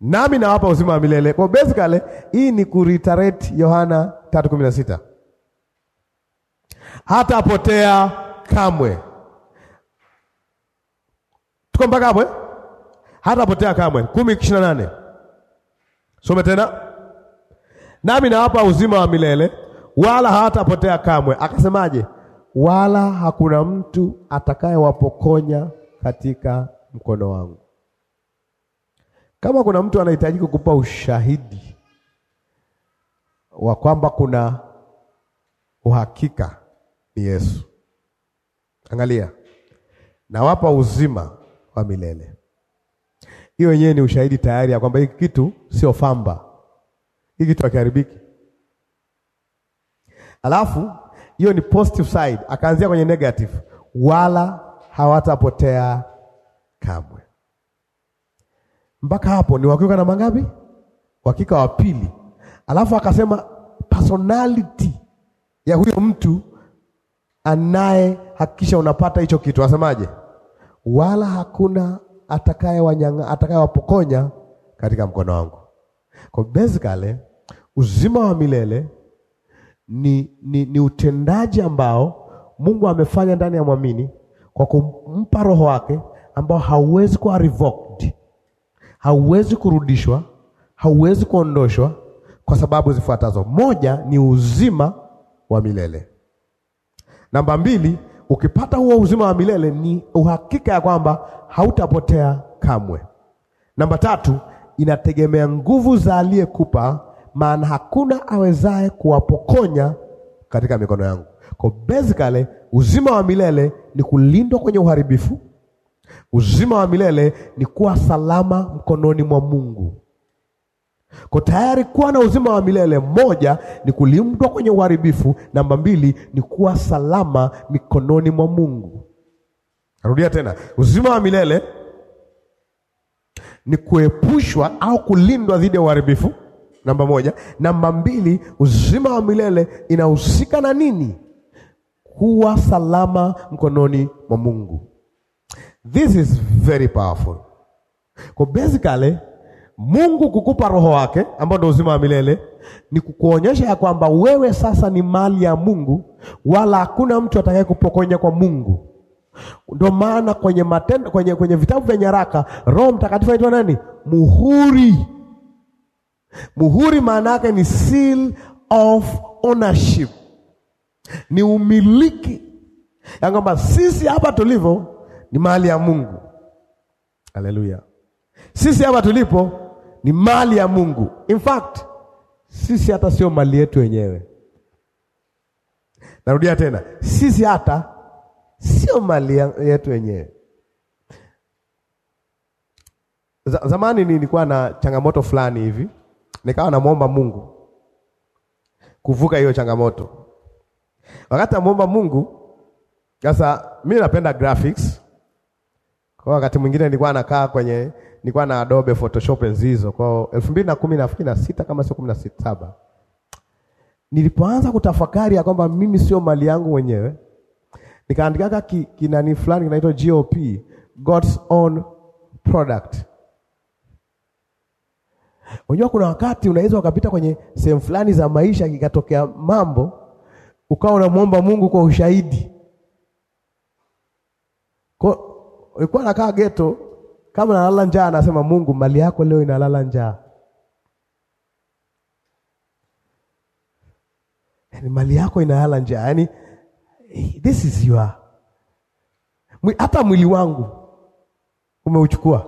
nami nawapa uzima wa milele. Kwa basically hii ni kureiterate Yohana 3:16, hatapotea kamwe. Tuko mpaka hapo eh? Hatapotea kamwe. 10:28, some tena, nami nawapa uzima wa milele, wala hatapotea kamwe. Akasemaje? wala hakuna mtu atakayewapokonya katika mkono wangu. Kama kuna mtu anahitaji kukupa ushahidi wa kwamba kuna uhakika, ni Yesu. Angalia, nawapa uzima wa milele. Hiyo yenyewe ni ushahidi tayari ya kwamba hiki kitu sio famba, hiki kitu hakiharibiki. Alafu hiyo ni positive side, akaanzia kwenye negative, wala hawatapotea kamwe mpaka hapo ni Uhakika namba ngapi? wakika wa pili. Alafu akasema personality ya huyo mtu anaye hakikisha unapata hicho kitu, asemaje? Wala hakuna atakaye wapokonya katika mkono wangu. Kwa basically uzima wa milele ni, ni, ni utendaji ambao Mungu amefanya ndani ya mwamini kwa kumpa roho wake ambao hauwezi kuwa revoke hauwezi kurudishwa, hauwezi kuondoshwa kwa sababu zifuatazo. Moja ni uzima wa milele. Namba mbili, ukipata huo uzima wa milele ni uhakika ya kwamba hautapotea kamwe. Namba tatu, inategemea nguvu za aliyekupa, maana hakuna awezaye kuwapokonya katika mikono yangu. Kwa basically uzima wa milele ni kulindwa kwenye uharibifu Uzima wa milele ni kuwa salama mkononi mwa Mungu. Kwa tayari kuwa na uzima wa milele, moja ni kulindwa kwenye uharibifu, namba mbili ni kuwa salama mikononi mwa Mungu. Narudia tena, uzima wa milele ni kuepushwa au kulindwa dhidi ya uharibifu, namba moja. Namba mbili, uzima wa milele inahusika na nini? Kuwa salama mkononi mwa Mungu. This is very powerful. Kwa basically Mungu kukupa roho wake ambao ndio uzima wa milele ni kukuonyesha ya kwamba wewe sasa ni mali ya Mungu, wala hakuna mtu atakaye kupokonya kwa Mungu. Ndio maana kwenye matendo, kwenye, kwenye vitabu vya nyaraka Roho Mtakatifu aitwa nani? Muhuri. Muhuri maana yake ni seal of ownership, ni umiliki ya kwamba sisi hapa tulivyo ni mali ya Mungu. Haleluya! Sisi hapa tulipo ni mali ya Mungu. In fact, sisi hata sio mali yetu wenyewe. Narudia tena, sisi hata sio mali yetu wenyewe. Zamani nilikuwa na changamoto fulani hivi, nikawa namwomba Mungu kuvuka hiyo changamoto. Wakati namwomba Mungu, sasa mimi napenda graphics kwa wakati mwingine nilikuwa nakaa kwenye nilikuwa na Adobe Photoshop nzizo Kwa elfu mbili na kumi na sita kama sio kumi saba nilipoanza kutafakari ya kwamba mimi sio mali yangu mwenyewe, ki, kinani fulani kinaitwa GOP, God's own product. Unajua, kuna wakati unaweza ukapita kwenye sehemu fulani za maisha, ikatokea mambo ukawa unamwomba Mungu kwa ushahidi kwa Ulikuwa nakaa geto kama nalala njaa, anasema Mungu, mali yako leo inalala njaa. Yaani mali yako inalala njaa. Yaani this is your hata mwili wangu umeuchukua.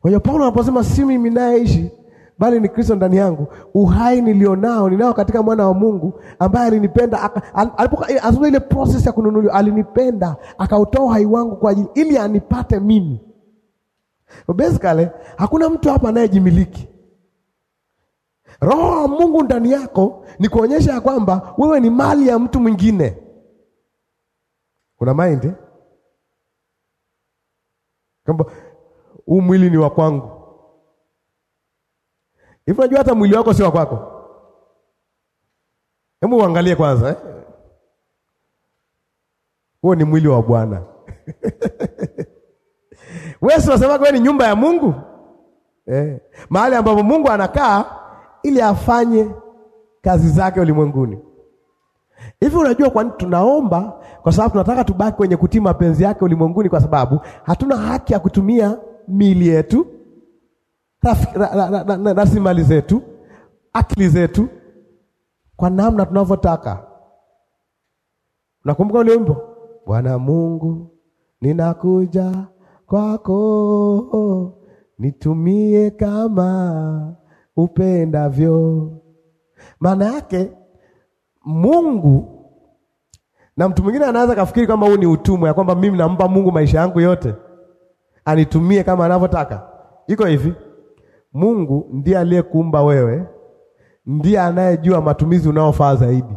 Kwa hiyo Paulo anaposema si mimi nayeishi bali ni Kristo ndani yangu. Uhai nilionao ninao katika mwana wa Mungu ambaye alinipenda alipoanza eh, ile process ya kununuliwa, alinipenda akautoa uhai wangu kwa ajili ili anipate mimi. Basically, hakuna mtu hapa anayejimiliki. Roho wa Mungu ndani yako ni kuonyesha ya kwamba wewe ni mali ya mtu mwingine. kuna mind kwamba huu mwili ni wa kwangu Hivi unajua hata mwili wako si wa kwako? Hebu uangalie kwanza eh? Huo ni mwili wa Bwana. Wewe unasema wewe ni nyumba ya Mungu eh? Mahali ambapo Mungu anakaa ili afanye kazi zake ulimwenguni. Hivi unajua kwa nini tunaomba? Kwa sababu tunataka tubaki kwenye kutii mapenzi yake ulimwenguni, kwa sababu hatuna haki ya kutumia miili yetu rasilimali zetu, akili zetu kwa namna tunavyotaka. Nakumbuka ule wimbo, Bwana Mungu, ninakuja kwako, nitumie kama upendavyo. Maana yake Mungu na mtu mwingine anaweza kafikiri kwamba huu ni utumwa, ya kwamba mimi nampa Mungu maisha yangu yote anitumie kama anavyotaka. Iko hivi Mungu ndiye aliyekuumba wewe, ndiye anayejua matumizi unaofaa zaidi.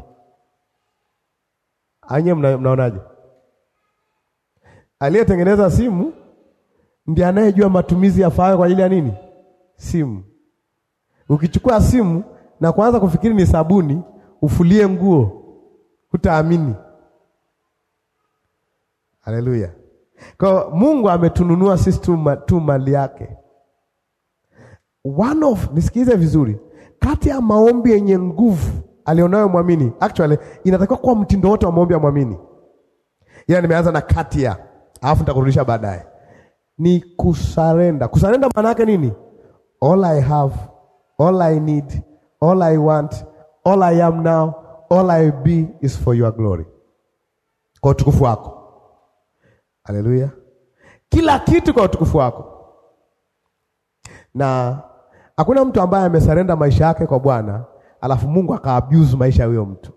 Anye, mna, mnaonaje? Aliyetengeneza simu ndiye anayejua matumizi yafaayo kwa ajili ya nini simu. Ukichukua simu na kuanza kufikiri ni sabuni ufulie nguo, hutaamini. Haleluya! Kwa Mungu ametununua sisi tu mali yake. One of, nisikize vizuri, kati ya maombi yenye nguvu alionayo mwamini, actually inatakiwa kuwa mtindo wote wa maombi ya mwamini. Ila yaani, nimeanza na kati ya, alafu nitakurudisha baadaye. Ni kusarenda. Kusarenda maana yake nini? All I have, all I need, all I want, all I am now, all I be is for your glory, kwa utukufu wako. Haleluya! Kila kitu kwa utukufu wako na Hakuna mtu ambaye amesarenda maisha yake kwa Bwana alafu Mungu akaabuse maisha ya huyo mtu.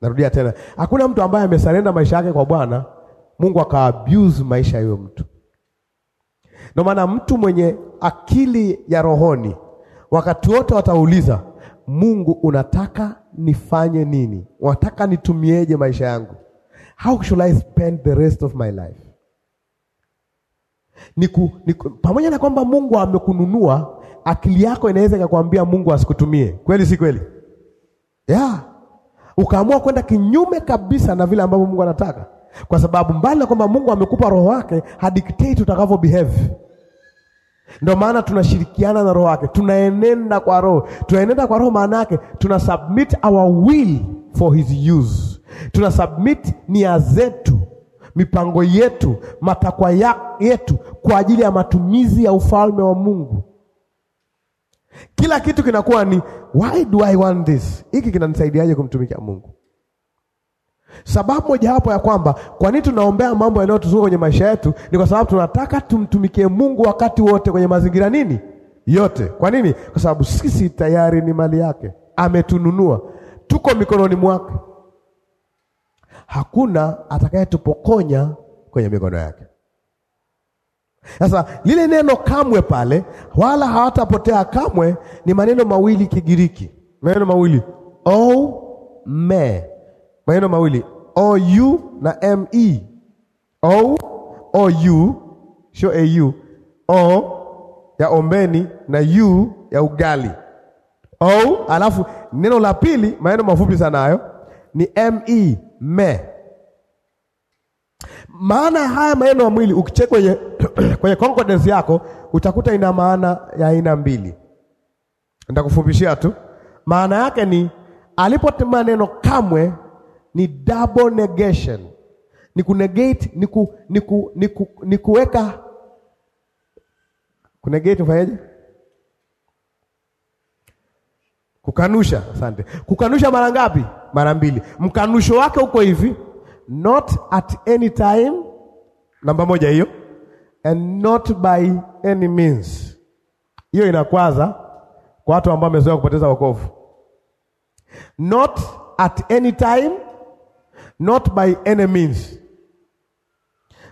Narudia tena, hakuna mtu ambaye amesarenda maisha yake kwa Bwana Mungu akaabuse maisha ya huyo mtu. Ndio maana mtu mwenye akili ya rohoni wakati wote watauliza, Mungu unataka nifanye nini? Unataka nitumieje maisha yangu? How should I spend the rest of my life? niku, niku, pamoja na kwamba Mungu amekununua, akili yako inaweza ikakwambia Mungu asikutumie. Kweli si kweli? Yeah. Ukaamua kwenda kinyume kabisa na vile ambavyo Mungu anataka, kwa sababu mbali na kwamba Mungu amekupa roho wake, hadiktati utakavyo behave. Ndio maana tunashirikiana na roho wake, tunaenenda kwa roho, tunaenenda kwa roho. Maana yake tuna submit our will for his use, tuna submit nia zetu mipango yetu, matakwa yetu kwa ajili ya matumizi ya ufalme wa Mungu. Kila kitu kinakuwa ni why do I want this? Hiki kinanisaidiaje kumtumikia Mungu? Sababu moja hapo ya kwamba kwa nini tunaombea mambo yanayotuzunguka kwenye maisha yetu ni kwa sababu tunataka tumtumikie Mungu wakati wote kwenye mazingira nini yote. Kwa nini? Kwa sababu sisi tayari ni mali yake, ametununua, tuko mikononi mwake hakuna atakayetupokonya kwenye mikono yake. Sasa lile neno kamwe pale, wala hawatapotea kamwe, ni maneno mawili Kigiriki, maneno mawili o oh, me, maneno mawili o oh, u na me, o oh, o u sio a u, o ya ombeni na u ya ugali o, alafu neno la pili maneno mafupi sana hayo ni me me. Maana haya maneno ya mwili ukicheka kwenye, kwenye concordance yako utakuta ina maana ya aina mbili. Nitakufundishia tu maana yake ni alipotema neno kamwe ni double negation, ni kunegate, ni ku, ni ku, ni ku, ni kuweka kunegate, ufanyaje? Kukanusha, asante. Kukanusha mara ngapi? Mara mbili. Mkanusho wake uko hivi, not at any time, namba moja hiyo, and not by any means. Hiyo inakwaza kwa watu ambao wamezoea kupoteza wokovu. Not at any time, not by any means.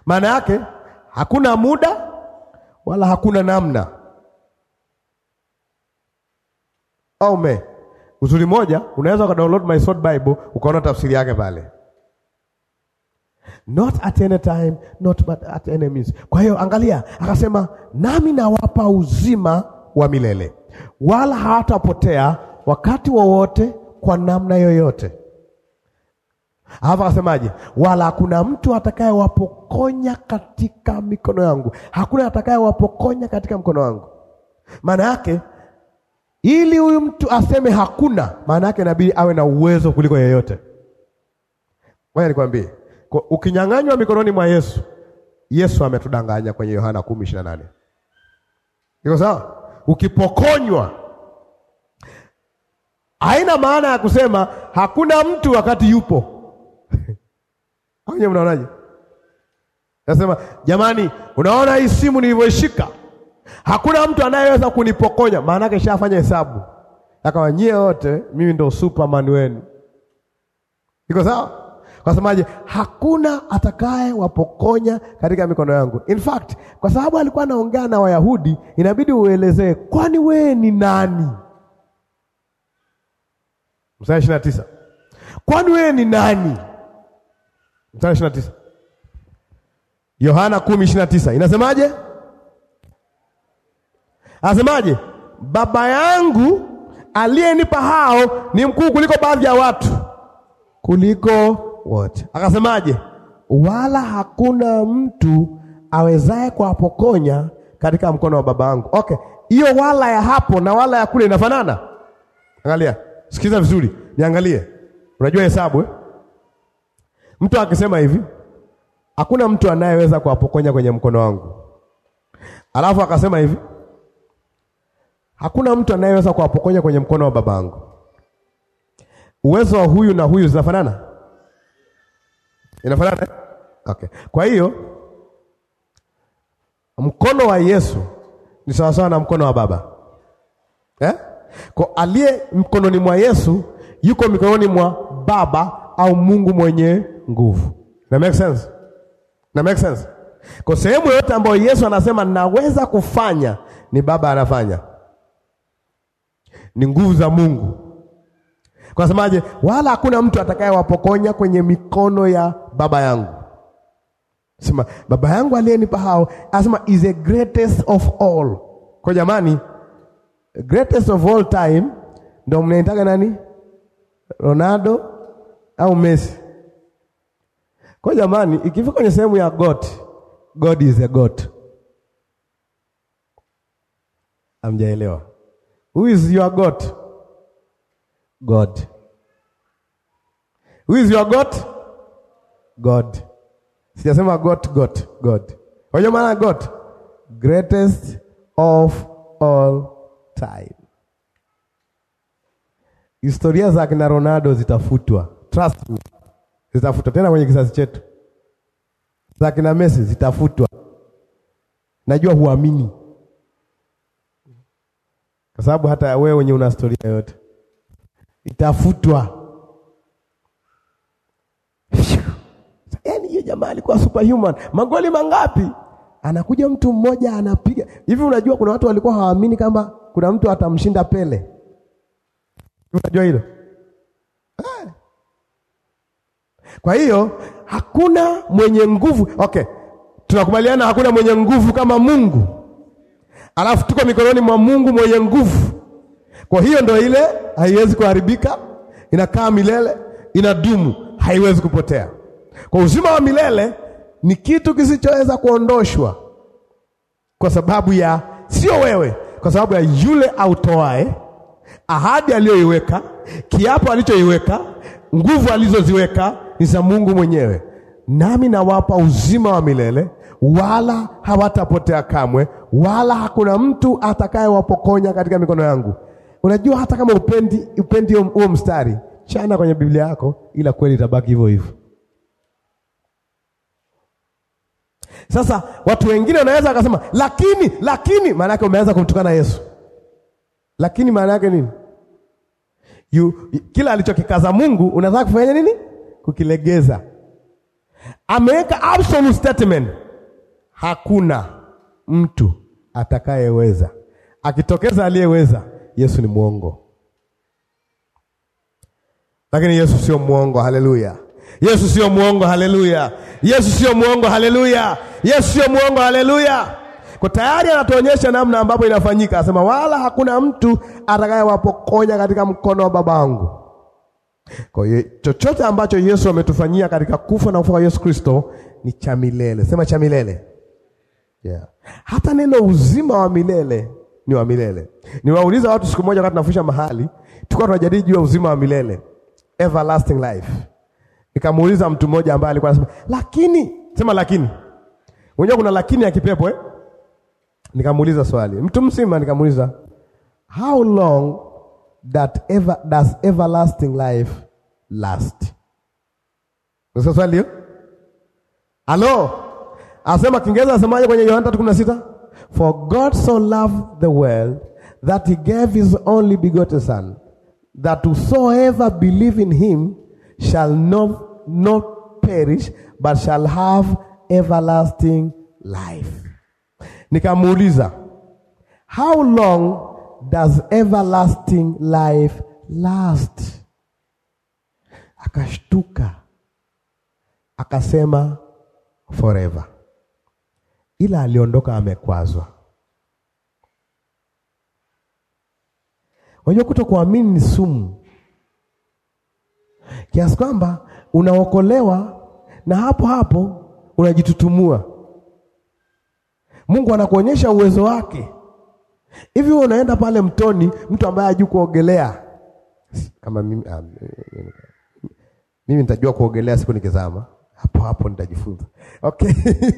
Maana yake hakuna muda wala hakuna namna au oh, me. Uzuri moja, unaweza download my sword Bible ukaona tafsiri yake pale, not at any time, not but at any means. Kwa hiyo angalia, akasema nami nawapa uzima wa milele, wala hawatapotea wakati wowote wa kwa namna yoyote. Hapa akasemaje? Wala hakuna mtu atakayewapokonya katika mikono yangu, hakuna atakayewapokonya katika mkono wangu. Maana yake ili huyu mtu aseme hakuna, maana yake inabidi awe na uwezo kuliko yeyote. Ngoja nikwambie, ukinyang'anywa mikononi mwa Yesu, Yesu ametudanganya kwenye Yohana 10:28. Iko sawa? Ukipokonywa haina maana ya kusema hakuna mtu wakati yupo. Mnaonaje? Nasema jamani, unaona hii simu nilivyoishika Hakuna mtu anayeweza kunipokonya, maana yake shafanya hesabu, akawa nyie wote, mimi ndo superman wenu. Iko sawa? Kasemaje? Hakuna atakaye wapokonya katika mikono yangu. In fact, kwa sababu alikuwa anaongea na Wayahudi, inabidi uelezee, kwani wewe ni nani? Mstari ishirini na tisa, kwani wewe ni nani? Mstari ishirini na tisa, Yohana kumi ishirini na tisa inasemaje? asemaje Baba yangu aliyenipa hao ni mkuu kuliko baadhi ya watu, kuliko wote. Akasemaje? Wala hakuna mtu awezaye kuwapokonya katika mkono wa baba yangu. Okay, hiyo wala ya hapo na wala ya kule inafanana. Angalia, sikiza vizuri, niangalie. Unajua hesabu eh? Mtu akisema hivi, hakuna mtu anayeweza kuwapokonya kwenye mkono wangu, alafu akasema hivi Hakuna mtu anayeweza kuwapokonya kwenye mkono wa babangu. Uwezo wa huyu na huyu zinafanana, inafanana eh? okay. Kwa hiyo mkono wa Yesu ni sawasawa na mkono wa baba eh? Kwa aliye mkononi mwa Yesu yuko mikononi mwa baba au Mungu mwenye nguvu. Na make sense? Na make sense? Kwa sehemu yote ambayo Yesu anasema naweza kufanya ni baba anafanya ni nguvu za Mungu. Kwa semaje, wala hakuna mtu atakayewapokonya kwenye mikono ya baba yangu. Sema baba yangu aliyenipa hao, asema is the greatest of all. Kwa jamani, greatest of all time ndio mnaitaga nani? Ronaldo au Messi? Kwa jamani, ikifika kwenye sehemu ya God, God is a God. Amjaelewa? Who is your God? God. Who is your God? God. Sijasema God, God, God. Wajua mana God? Greatest of all time. Historia za kina Ronaldo zitafutwa. Trust me. Zitafutwa tena kwenye kizazi chetu. Za kina Messi zitafutwa. Najua huamini kwa sababu hata wewe wenye una storia yote itafutwa. Yaani hiyo jamaa alikuwa superhuman. Magoli mangapi? Anakuja mtu mmoja anapiga hivi. Unajua kuna watu walikuwa hawaamini kama kuna mtu atamshinda Pele. Unajua hilo? Eh. Kwa hiyo hakuna mwenye nguvu. Okay, tunakubaliana hakuna mwenye nguvu kama Mungu alafu tuko mikononi mwa Mungu mwenye nguvu. Kwa hiyo ndo ile haiwezi kuharibika, inakaa milele, inadumu, haiwezi kupotea. Kwa uzima wa milele ni kitu kisichoweza kuondoshwa kwa sababu ya sio wewe, kwa sababu ya yule autoae, ahadi aliyoiweka, kiapo alichoiweka, nguvu alizoziweka ni za Mungu mwenyewe nami nawapa uzima wa milele, wala hawatapotea kamwe, wala hakuna mtu atakayewapokonya katika mikono yangu. Unajua, hata kama upendi upendi huo mstari, chana kwenye Biblia yako, ila kweli itabaki hivyo hivyo. Sasa watu wengine wanaweza wakasema, lakini lakini, maana yake umeanza kumtukana Yesu. Lakini maana yake nini? You, kila alichokikaza Mungu unataka kufanya nini? Kukilegeza ameweka absolute statement, hakuna mtu atakayeweza. Akitokeza aliyeweza, Yesu ni mwongo, lakini Yesu sio mwongo. Haleluya! Yesu sio mwongo. Haleluya! Yesu sio mwongo. Haleluya! Yesu sio mwongo. Haleluya! Kwa tayari anatuonyesha namna ambapo inafanyika, asema wala hakuna mtu atakayewapokonya katika mkono wa Babangu. Kwa hiyo chochote ambacho Yesu ametufanyia katika kufa na kufa wa Yesu Kristo ni cha milele. Sema cha milele. Yeah. Hata neno uzima wa milele ni wa milele. Niwauliza watu siku moja wakati nafusha mahali, tulikuwa tunajadili juu ya uzima wa milele, everlasting life. Nikamuuliza mtu mmoja ambaye alikuwa anasema, "Lakini, sema lakini." Unajua kuna lakini ya kipepo eh? Nikamuuliza swali. Mtu mzima nikamuuliza, "How long that ever, does everlasting life last? Sasa swali hiyo. Halo. Asema Kiingereza asemaje kwenye Yohana 3:16? For God so loved the world that he gave his only begotten son that whosoever believe in him shall not, not perish but shall have everlasting life. Nikamuuliza, how long does everlasting life last? Akashtuka akasema forever, ila aliondoka amekwazwa. Unajua, kutokuamini ni sumu kiasi kwamba unaokolewa na hapo hapo unajitutumua. Mungu anakuonyesha uwezo wake Hivi unaenda pale mtoni, mtu ambaye hajui kuogelea kama mimi, ah, mimi nitajua kuogelea siku nikizama, hapo hapo nitajifunza. Okay.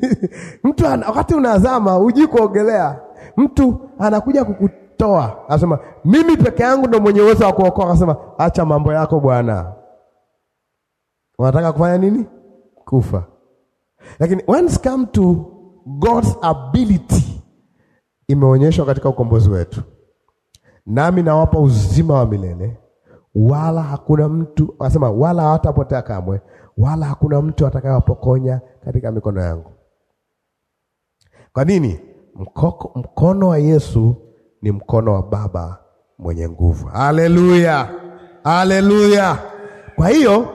mtu ana, wakati unazama hujui kuogelea, mtu anakuja kukutoa, anasema mimi peke yangu ndo mwenye uwezo wa kuokoa. Akasema acha mambo yako bwana, unataka kufanya nini? Kufa. Lakini once come to God's ability imeonyeshwa katika ukombozi wetu, nami nawapa uzima wa milele, wala hakuna mtu anasema, wala hawatapotea kamwe, wala hakuna mtu atakayewapokonya katika mikono yangu. Kwa nini? Mkoko, mkono wa Yesu ni mkono wa Baba mwenye nguvu. Haleluya, haleluya! Kwa hiyo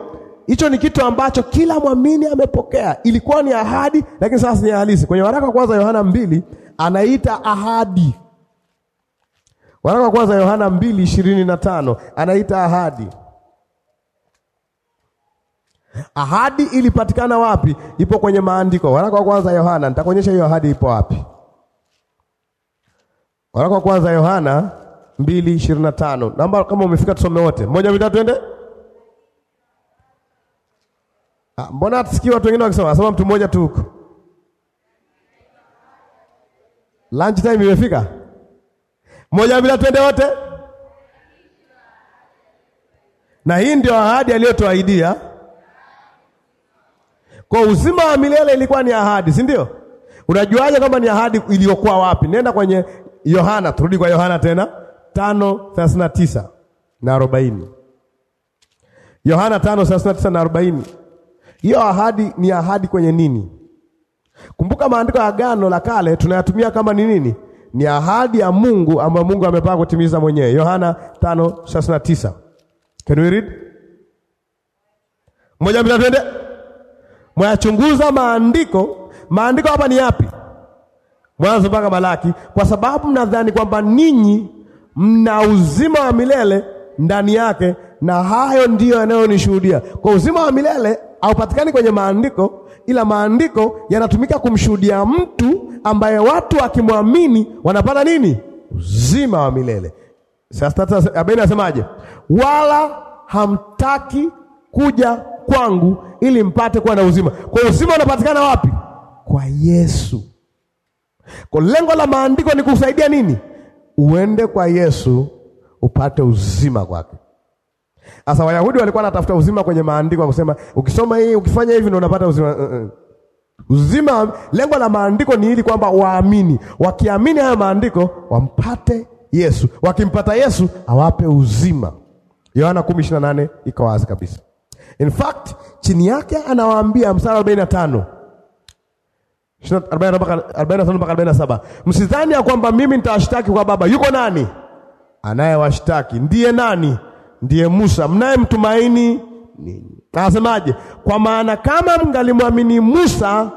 hicho ni kitu ambacho kila mwamini amepokea. Ilikuwa ni ahadi, lakini sasa ni halisi. Kwenye waraka wa kwanza Yohana mbili anaita ahadi. Waraka wa kwanza Yohana mbili ishirini na tano anaita ahadi. Ahadi ilipatikana wapi? Ipo kwenye maandiko. Waraka wa kwanza Yohana, nitakuonyesha hiyo ahadi ipo wapi. Waraka wa kwanza Yohana mbili ishirini na tano. Naomba kama umefika tusome wote, moja mitatu, twende. Ah, mbona hatusikii watu wengine wakisema, asema mtu mmoja tu huko Lunch time imefika, moja bila twende wote, na hii ndio ahadi aliyotuahidia kwa uzima wa milele. Ilikuwa ni ahadi, si ndio? Unajuaje kwamba ni ahadi iliyokuwa wapi? Nenda kwenye Yohana, turudi kwa Yohana tena 5:39 na 40. Yohana 5:39 na 40. Hiyo ahadi ni ahadi kwenye nini? Kumbuka maandiko ya Agano la Kale tunayatumia kama ni nini? Ni ahadi ya Mungu ambayo Mungu amepanga kutimiza mwenyewe. Yohana 5:39. Can we read? Moja mbili twende. Mwayachunguza maandiko. Maandiko hapa ni yapi? Mwanzo mpaka Malaki, kwa sababu mnadhani kwamba ninyi mna uzima wa milele ndani yake, na hayo ndiyo yanayonishuhudia. Kwa uzima wa milele haupatikani kwenye maandiko, ila maandiko yanatumika kumshuhudia mtu ambaye watu akimwamini wanapata nini? Uzima wa milele. Sasa Abeni anasemaje? Wala hamtaki kuja kwangu ili mpate kuwa na uzima. Kwa uzima unapatikana wapi? Kwa Yesu. Kwa lengo la maandiko ni kusaidia nini? Uende kwa Yesu upate uzima kwake. Sasa Wayahudi walikuwa wanatafuta uzima kwenye maandiko ya kusema ukisoma hii ukifanya hivi ndio unapata uzima. Uh -uh. Uzima, lengo la maandiko ni ili kwamba waamini, wakiamini haya maandiko wampate Yesu, wakimpata Yesu awape uzima. Yohana 10:28 iko wazi kabisa. In fact, chini yake anawaambia mstari 45 45 mpaka 47, msidhani ya kwamba mimi nitawashtaki kwa Baba. Yuko nani anayewashtaki? Ndiye nani? ndiye Musa mnayemtumaini ninyi. Anasemaje? Kwa maana kama mngalimwamini Musa,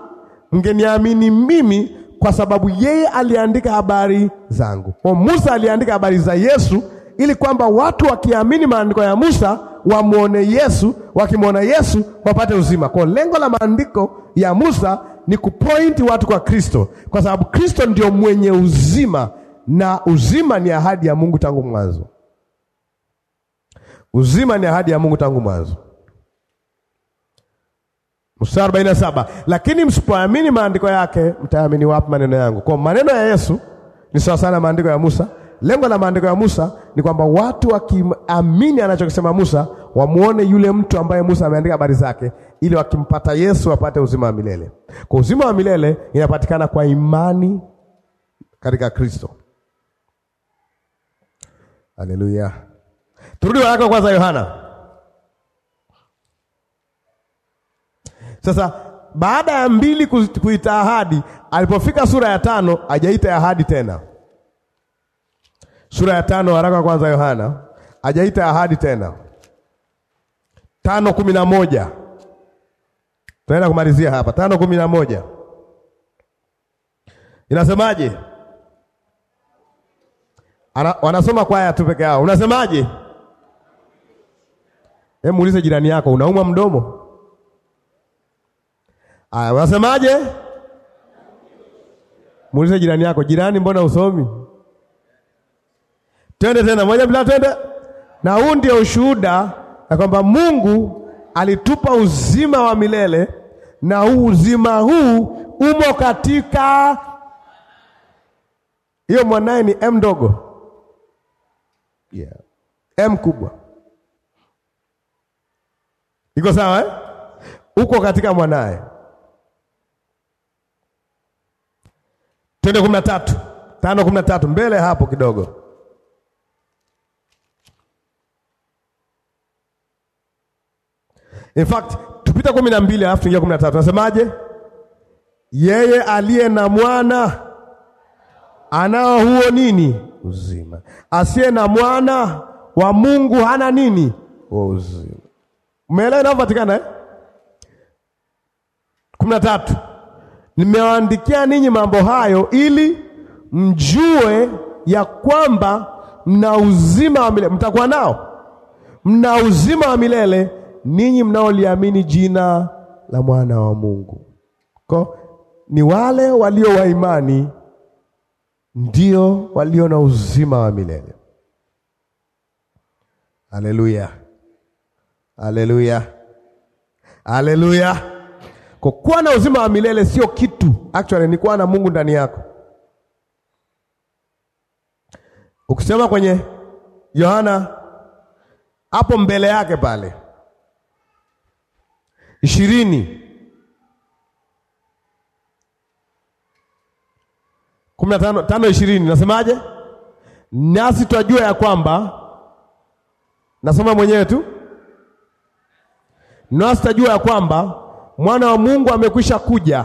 mngeniamini mimi, kwa sababu yeye aliandika habari zangu. Kwa Musa aliandika habari za Yesu, ili kwamba watu wakiamini maandiko ya Musa wamwone Yesu, wakimwona Yesu wapate uzima. Kwa lengo la maandiko ya Musa ni kupointi watu kwa Kristo, kwa sababu Kristo ndio mwenye uzima na uzima ni ahadi ya Mungu tangu mwanzo. Uzima ni ahadi ya Mungu tangu mwanzo. Mstari arobaini na saba, lakini msipoamini maandiko yake mtaamini wapi maneno yangu? Kwa maneno ya Yesu ni sawa sana maandiko ya Musa. Lengo la maandiko ya Musa ni kwamba watu wakiamini anachokisema Musa wamuone yule mtu ambaye Musa ameandika habari zake, ili wakimpata Yesu wapate uzima wa milele. Kwa uzima wa milele inapatikana kwa imani katika Kristo. Haleluya. Turudi waraka wa kwanza Yohana. Sasa baada ya mbili kuita ahadi, alipofika sura ya tano ajaita ahadi tena. Sura ya tano waraka wa kwanza Yohana ajaita ahadi tena. tano kumi na moja tunaenda kumalizia hapa. tano kumi na moja inasemaje? Ana, wanasoma kwaya tu peke yao. Unasemaje? Hebu muulize jirani yako, unaumwa mdomo? Aya, unasemaje? Muulize jirani yako, jirani, mbona usomi? Twende tena moja bila, twende na huu ndio ushuhuda na kwamba Mungu alitupa uzima wa milele, na huu uzima huu umo katika hiyo mwanaye ni m dogo yeah. m kubwa iko sawa eh? Uko katika mwanaye. Twende kumi na tatu tano kumi na tatu mbele hapo kidogo. In fact tupita kumi na mbili alafu tuingia kumi na tatu Nasemaje? Yeye aliye na mwana anao huo nini uzima, asiye na mwana wa Mungu hana nini uzima Umeelewa inavyopatikana eh? kumi na tatu, nimewaandikia ninyi mambo hayo ili mjue ya kwamba mna uzima wa milele, mtakuwa nao, mna uzima wa milele ninyi mnaoliamini jina la mwana wa Mungu. Ko ni wale walio wa imani ndio walio na uzima wa milele. Haleluya. Haleluya, haleluya. Kwa kuwa na uzima wa milele sio kitu, actually ni kuwa na Mungu ndani yako. Ukisema kwenye Yohana hapo mbele yake pale ishirini kumi na tano tano ishirini nasemaje? Nasi twajua ya kwamba, nasoma mwenyewe tu nasi ya kwamba mwana wa Mungu amekwisha kuja,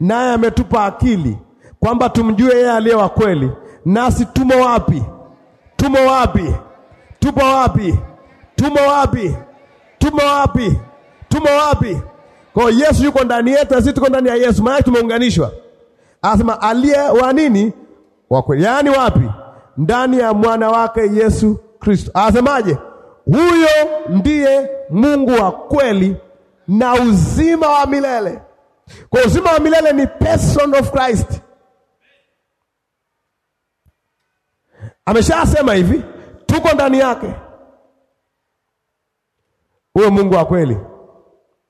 naye ametupa akili kwamba tumjue yeye aliye wa kweli. Nasi tumo wapi? Tumo wapi? Tupo wapi? Tumo wapi? Tumo wapi? Tumo wapi? Kwa Yesu yuko ndani yetu, sisi tuko ndani ya Yesu, maana tumeunganishwa. Anasema aliye wa nini? Wa kweli, yaani wapi? Ndani ya mwana wake Yesu Kristo. Anasemaje? Huyo ndiye Mungu wa kweli na uzima wa milele. Kwa uzima wa milele ni person of Christ. Ameshasema hivi, tuko ndani yake. Huyo Mungu wa kweli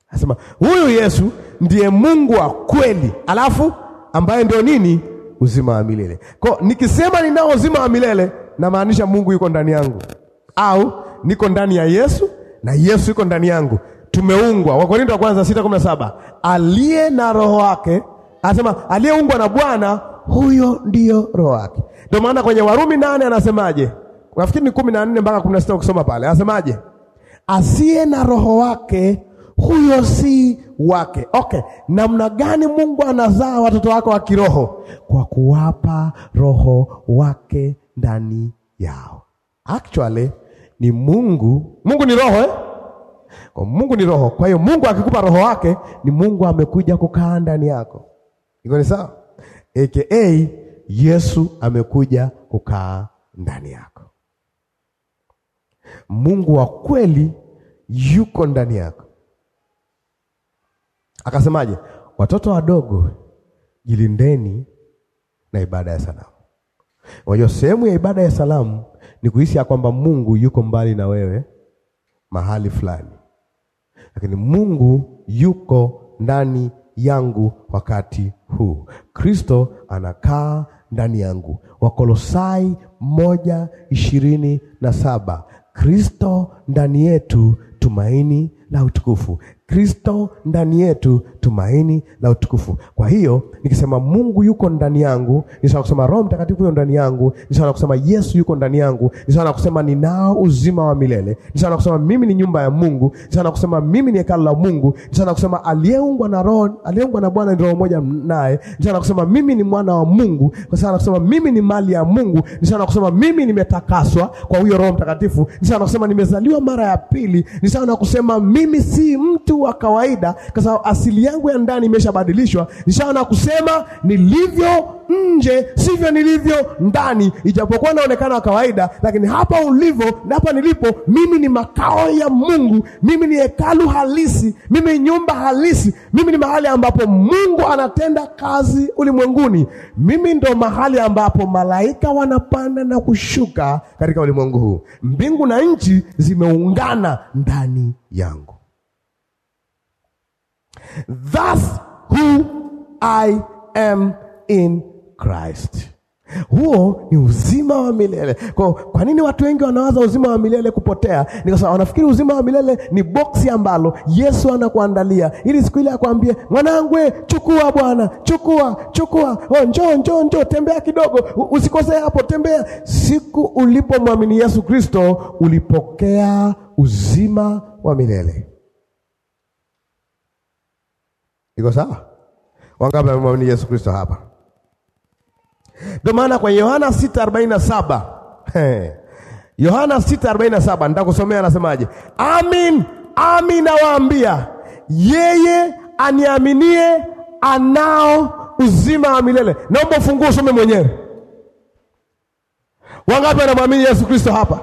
anasema, huyu Yesu ndiye Mungu wa kweli, alafu ambaye ndio nini? Uzima wa milele. Kwa nikisema ninao uzima wa milele, namaanisha Mungu yuko ndani yangu, au niko ndani ya Yesu na Yesu yuko ndani yangu, tumeungwa. Wakorinto wa kwanza sita kumi na saba aliye na roho wake anasema, aliyeungwa na Bwana huyo ndiyo roho wake. Ndio maana kwenye Warumi nane anasemaje? Nafikiri ni kumi na nne mpaka kumi na sita ukisoma pale anasemaje? asiye na roho wake huyo si wake. Okay, namna gani Mungu anazaa watoto wake wa kiroho? Kwa kuwapa roho wake ndani yao. Actually ni Mungu. Mungu ni roho eh? Kwa Mungu ni roho. Kwa hiyo Mungu akikupa roho wake ni Mungu amekuja kukaa ndani yako. Iko ni sawa? AKA Yesu amekuja kukaa ndani yako. Mungu wa kweli yuko ndani yako. Akasemaje? Watoto wadogo jilindeni na ibada ya sanamu. Unajua sehemu ya ibada ya salamu ni kuhisi ya kwamba Mungu yuko mbali na wewe mahali fulani, lakini Mungu yuko ndani yangu wakati huu. Kristo anakaa ndani yangu. Wakolosai moja ishirini na saba. Kristo ndani yetu tumaini la utukufu. Kristo ndani yetu tumaini la utukufu. Kwa hiyo nikisema Mungu yuko ndani yangu ni sawa kusema Roho Mtakatifu yuko ndani yangu, ni sawa kusema Yesu yuko ndani yangu, ni sawa kusema ninao uzima wa milele, ni sawa kusema mimi ni nyumba ya Mungu, ni sawa kusema mimi ni hekalu la Mungu, ni sawa na kusema aliyeungwa na Roho, aliyeungwa na Bwana ni roho moja naye, ni sawa kusema mimi ni mwana wa Mungu, ni sawa kusema mimi ni mali ya Mungu, ni sawa kusema mimi nimetakaswa kwa huyo Roho Mtakatifu, ni sawa kusema nimezaliwa mara ya pili, ni sawa kusema mimi si mtu wa kawaida kwa sababu asili yangu ya ndani imeshabadilishwa, ni sawa na kusema nilivyo nje sivyo nilivyo ndani. Ijapokuwa naonekana wa kawaida, lakini hapa ulivyo na hapa nilipo mimi ni makao ya Mungu, mimi ni hekalu halisi, mimi ni nyumba halisi, mimi ni mahali ambapo Mungu anatenda kazi ulimwenguni. Mimi ndo mahali ambapo malaika wanapanda na kushuka katika ulimwengu huu. Mbingu na nchi zimeungana ndani yangu. That's who I am in Christ. Huo ni uzima wa milele. Kwa, kwa nini watu wengi wanawaza uzima wa milele kupotea? Ni kwa sababu wanafikiri uzima wa milele ni boksi ambalo Yesu anakuandalia ili siku ile akwambie, mwanangu, chukua Bwana, chukua chukua, oh, njoo njoo njoo, tembea kidogo, usikosee hapo, tembea. Siku ulipomwamini Yesu Kristo ulipokea uzima wa milele. Iko sawa? Wangapi wamemwamini Yesu Kristo hapa? Ndio maana kwa Yohana 6:47 Yohana 6:47 nitakusomea, anasemaje? Amin, amin nawaambia, yeye aniaminie anao uzima wa milele. Naomba ufungue usome mwenyewe. Wangapi wanamwamini Yesu Kristo hapa?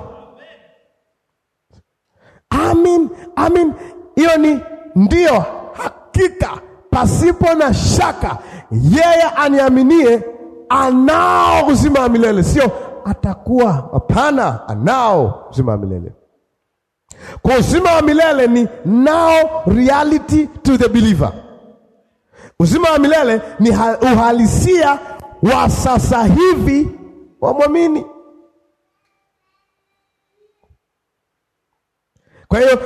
Amin, amin, hiyo ni ndio hakika pasipo na shaka, yeye aniaminie anao uzima wa milele, sio atakuwa. Hapana, anao uzima wa milele. Kwa uzima wa milele ni now reality to the believer. Uzima wa milele ni uhalisia wa sasa hivi wa mwamini. Kwa hiyo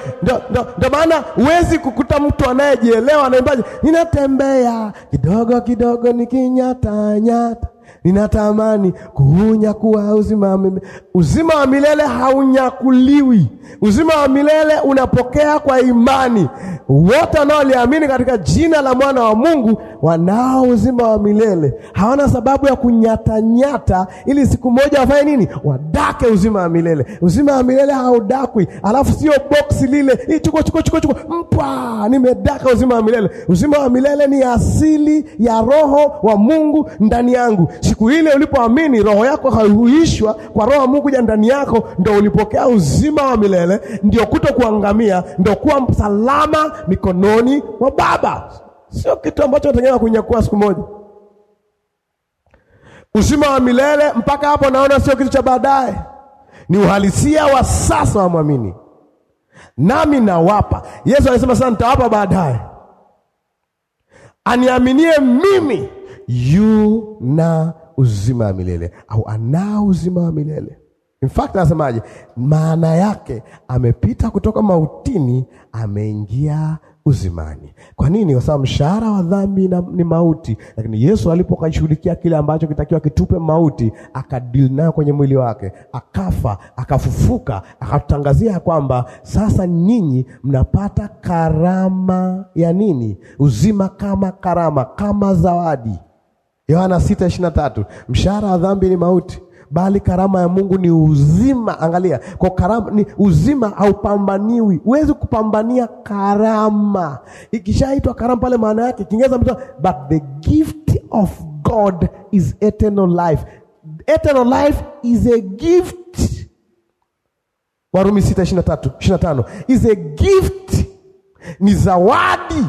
ndio maana huwezi kukuta mtu anayejielewa anaimbaje, ninatembea kidogo kidogo nikinyatanyata ninatamani kuunyakuwa uzima wa milele. Uzima wa milele haunyakuliwi. Uzima wa milele unapokea kwa imani. Wote wanaoliamini katika jina la mwana wa Mungu wanao uzima wa milele, hawana sababu ya kunyatanyata ili siku moja wafanye nini? Wadake uzima wa milele. Uzima wa milele haudakwi, alafu sio boksi lile, hii chuko chuko chuko chuko, mpa, nimedaka uzima wa milele. Uzima wa milele ni asili ya Roho wa Mungu ndani yangu. Siku ile ulipoamini, roho yako haihuishwa kwa roho Mungu ya ndani yako, ndo ulipokea uzima wa milele, ndio kuangamia, ndo kuwa salama mikononi mwa Baba. Sio kitu ambacho nategemea kunyakua siku moja. Uzima wa milele mpaka hapo, naona sio kitu cha baadaye, ni uhalisia wa sasa wa mwamini. Nami nawapa, Yesu alisema sana, nitawapa baadaye, aniaminie mimi yu na uzima wa milele au anao uzima wa milele. In fact, anasemaje? Maana yake amepita kutoka mautini ameingia uzimani. Kwa nini? Kwa sababu mshahara wa dhambi ni mauti, lakini Yesu alipokashughulikia kile ambacho kitakiwa kitupe mauti, akadili nayo kwenye mwili wake, akafa, akafufuka, akatutangazia kwamba sasa ninyi mnapata karama ya nini? Uzima kama karama, kama zawadi. Yohana 6:23, mshahara wa dhambi ni mauti, bali karama ya Mungu ni uzima. Angalia, kwa karama ni uzima, haupambaniwi. Huwezi kupambania karama. Ikishaitwa karama pale, maana yake Kiingereza, but the gift of God is eternal life. Eternal life is a gift. Warumi 6:23, 25 is a gift, ni zawadi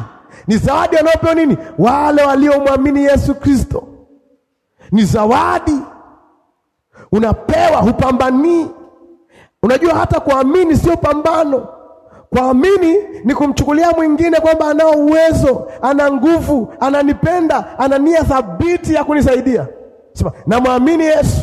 ni zawadi wanaopewa nini? Wale waliomwamini Yesu Kristo, ni zawadi unapewa, hupambanii. Unajua hata kuamini sio pambano. Kuamini ni kumchukulia mwingine kwamba anao uwezo, ana nguvu, ananipenda, ana nia thabiti ya kunisaidia. Sema namwamini Yesu.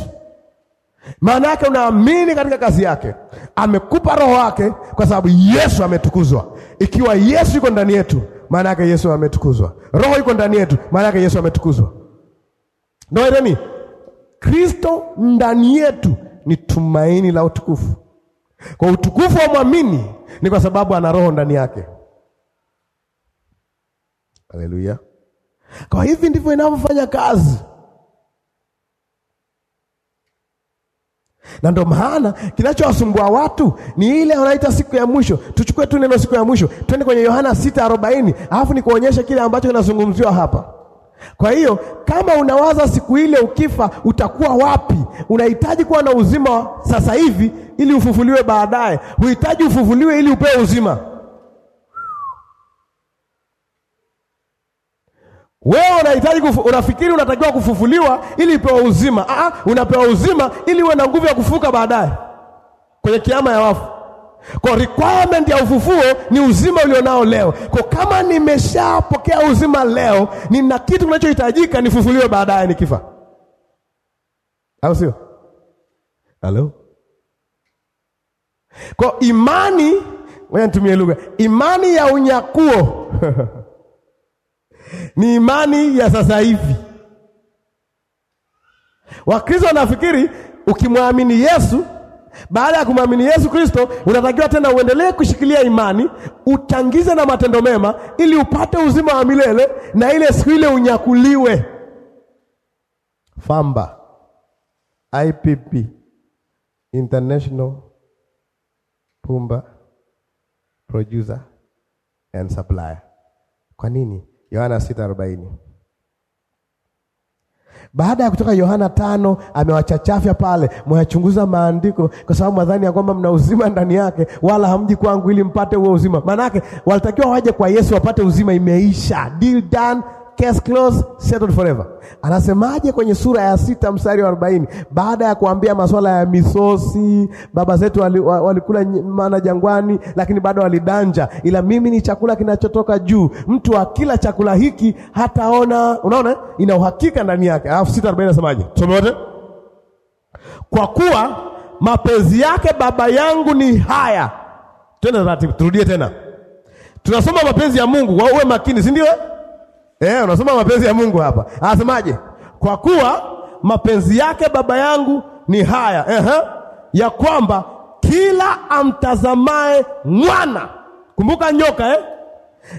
Maana yake unaamini katika kazi yake, amekupa roho wake, kwa sababu Yesu ametukuzwa. Ikiwa Yesu yuko ndani yetu, maana yake Yesu ametukuzwa. Roho iko ndani yetu, maana yake Yesu ametukuzwa. Ndio Kristo ndani yetu ni tumaini la utukufu. Kwa utukufu wa mwamini ni kwa sababu ana roho ndani yake. Haleluya! Kwa hivi ndivyo inavyofanya kazi. na ndo maana kinachowasumbua watu ni ile wanaita siku ya mwisho. Tuchukue tu neno siku ya mwisho, twende kwenye Yohana 6:40 alafu nikuonyeshe kile ambacho kinazungumziwa hapa. Kwa hiyo kama unawaza siku ile ukifa utakuwa wapi, unahitaji kuwa na uzima sasa hivi ili ufufuliwe baadaye. Huhitaji ufufuliwe ili upewe uzima. Wewe unahitaji kufu, unafikiri unatakiwa kufufuliwa ili upewe uzima. Ah, unapewa uzima ili uwe na nguvu ya kufuka baadaye kwenye kiama ya wafu. Kwa requirement ya ufufuo ni uzima ulionao leo. Kwa kama nimeshapokea uzima leo, nina kitu kinachohitajika nifufuliwe baadaye nikifa, au sio? Hello. Kwa imani, wewe nitumie lugha, imani ya unyakuo ni imani ya sasa hivi. Wakristo wanafikiri ukimwamini Yesu, baada ya kumwamini Yesu Kristo unatakiwa tena uendelee kushikilia imani, uchangize na matendo mema, ili upate uzima wa milele na ile siku ile unyakuliwe. Famba IPP International Pumba Producer and Supplier. Kwa nini? Yohana 6:40. Baada ya kutoka Yohana tano amewachachafya pale, mwayachunguza maandiko kwa sababu madhani ya kwamba mna uzima ndani yake, wala hamji kwangu ili mpate huo uzima. Maana walitakiwa waje kwa Yesu wapate uzima. Imeisha, deal done, case closed, settled forever. Anasemaje kwenye sura ya sita mstari wa arobaini baada ya kuambia masuala ya misosi, baba zetu walikula mana jangwani, lakini bado walidanja, ila mimi ni chakula kinachotoka juu, mtu akila chakula hiki hataona. Unaona, ina uhakika ndani yake. Alafu sita arobaini anasemaje? Tusome wote. Kwa kuwa mapenzi yake baba yangu ni haya. Twende taratibu, turudie tena. Tunasoma mapenzi ya Mungu, uwe makini, si ndio? Eh, unasoma mapenzi ya Mungu hapa. Anasemaje? Kwa kuwa mapenzi yake Baba yangu ni haya, ehe, ya kwamba kila amtazamaye mwana, kumbuka nyoka eh,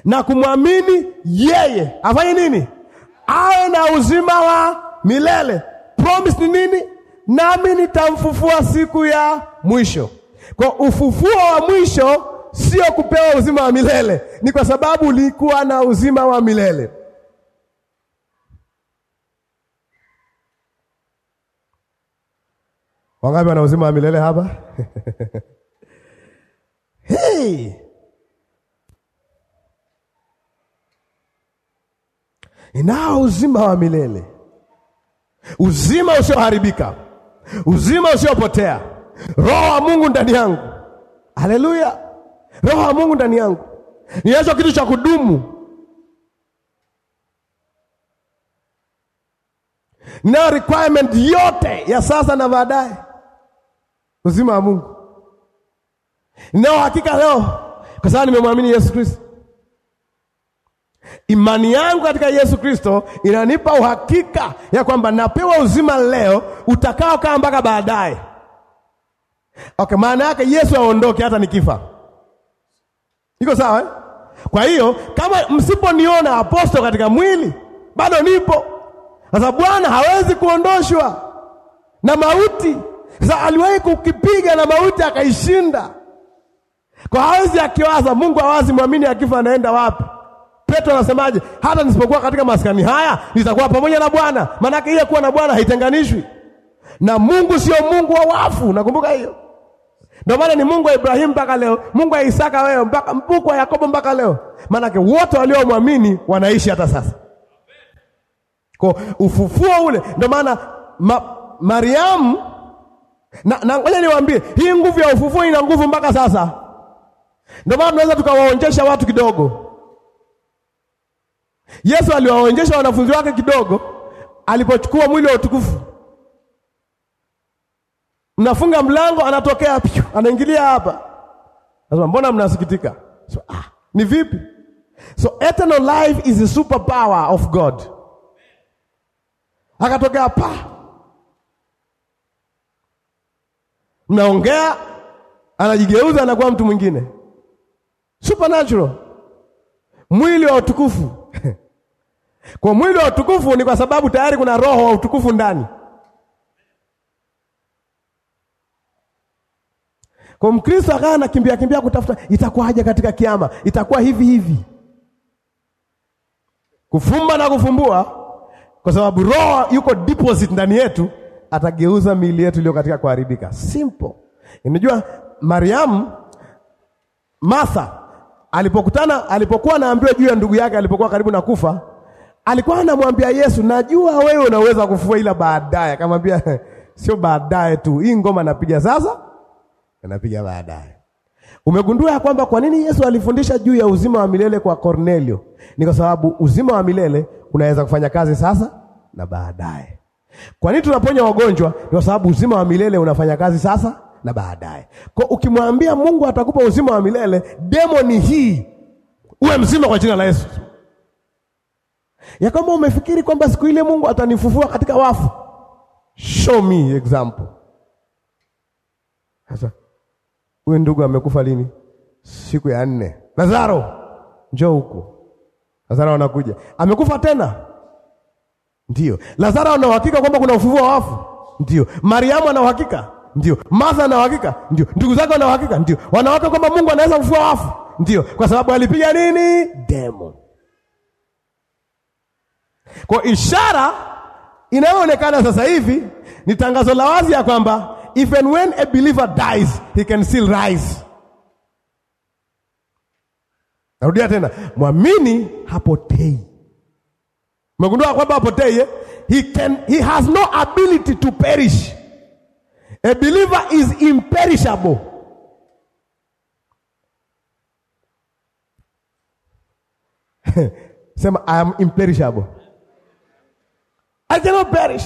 na kumwamini yeye afanye nini? Awe na uzima wa milele. Promise ni nini? Nami nitamfufua siku ya mwisho. Kwa ufufuo wa mwisho sio kupewa uzima wa milele, ni kwa sababu ulikuwa na uzima wa milele. Wangapi wana uzima wa milele hapa? Hey! Ninao uzima wa milele, uzima usioharibika, uzima usiopotea, Roho wa Mungu ndani yangu. Haleluya! Roho wa Mungu ndani yangu, ninacho kitu cha kudumu, ninayo requirement yote ya sasa na baadaye uzima wa Mungu. Ninao hakika leo kwa sababu nimemwamini Yesu Kristo. Imani yangu katika Yesu Kristo inanipa uhakika ya kwamba napewa uzima leo utakaokaa mpaka baadaye. Okay, maana yake Yesu aondoke hata nikifa. Iko sawa eh? Kwa hiyo kama msiponiona apostol katika mwili bado nipo. Sasa Bwana hawezi kuondoshwa na mauti. Sasa aliwahi kukipiga na mauti akaishinda. Kwa hawezi akiwaza Mungu hawazi mwamini akifa anaenda wapi? Petro anasemaje? Hata nisipokuwa katika maskani haya nitakuwa pamoja na Bwana. Maanake ile kuwa na Bwana haitenganishwi na Mungu. Sio Mungu wa wafu, nakumbuka hiyo. Ndio maana ni Mungu wa Ibrahimu mpaka leo, Mungu wa Isaka wewe mpaka Mungu wa Yakobo mpaka leo, Maana yake wote waliomwamini wanaishi hata sasa. Kwa ufufuo ule, ndio maana ma, Mariamu na ngoja niwaambie, hii nguvu ya ufufuo ina nguvu mpaka sasa. Ndio maana tunaweza tukawaonjesha watu kidogo. Yesu aliwaonjesha wanafunzi wake kidogo alipochukua mwili wa utukufu. Mnafunga mlango, anatokea pio, anaingilia hapa, nasema mbona mnasikitika? So, ah, ni vipi? So eternal life is the super power of God. Akatokea pa mnaongea, anajigeuza anakuwa mtu mwingine. Supernatural, mwili wa utukufu kwa mwili wa utukufu ni kwa sababu tayari kuna roho wa utukufu ndani. Kwa Mkristo akawa anakimbia kimbia kutafuta itakuwaje katika kiama, itakuwa hivi hivi, kufumba na kufumbua, kwa sababu roho yuko deposit ndani yetu atageuza miili yetu iliyo katika kuharibika. Simple. Unajua Mariamu, Martha alipokutana, alipokuwa anaambiwa juu ya ndugu yake alipokuwa karibu na kufa, alikuwa anamwambia Yesu, najua wewe unaweza kufua, ila baadaye. Akamwambia sio baadaye tu, hii ngoma napiga sasa, napiga baadaye. Umegundua ya kwamba kwa nini Yesu alifundisha juu ya uzima wa milele kwa Kornelio? Ni kwa sababu uzima wa milele unaweza kufanya kazi sasa na baadaye. Kwa nini tunaponya wagonjwa? Ni kwa sababu uzima wa milele unafanya kazi sasa na baadaye. Kwa ukimwambia Mungu atakupa uzima wa milele, demoni hii uwe mzima kwa jina la Yesu. Ya kwamba umefikiri kwamba siku ile Mungu atanifufua katika wafu. Show me example. Sasa huyu ndugu amekufa lini? Siku ya nne. Lazaro, njoo huku. Lazaro anakuja. Amekufa tena? Ndio. Lazaro ana uhakika kwamba kuna ufufuo wa wafu? Ndio. Mariamu ana uhakika? Ndio. Martha ana uhakika? Ndio. Ndugu zake wana uhakika? Ndio. Wanawake kwamba Mungu anaweza kufufua wafu? Ndio, kwa sababu alipiga nini? Demo. Kwa ishara inayoonekana sasa hivi ni tangazo la wazi ya kwamba if and when a believer dies he can still rise. Narudia tena, mwamini hapotei. Umegundua kwamba apotee? he can, he has no ability to perish. A believer is imperishable. Sema I am imperishable. I cannot perish.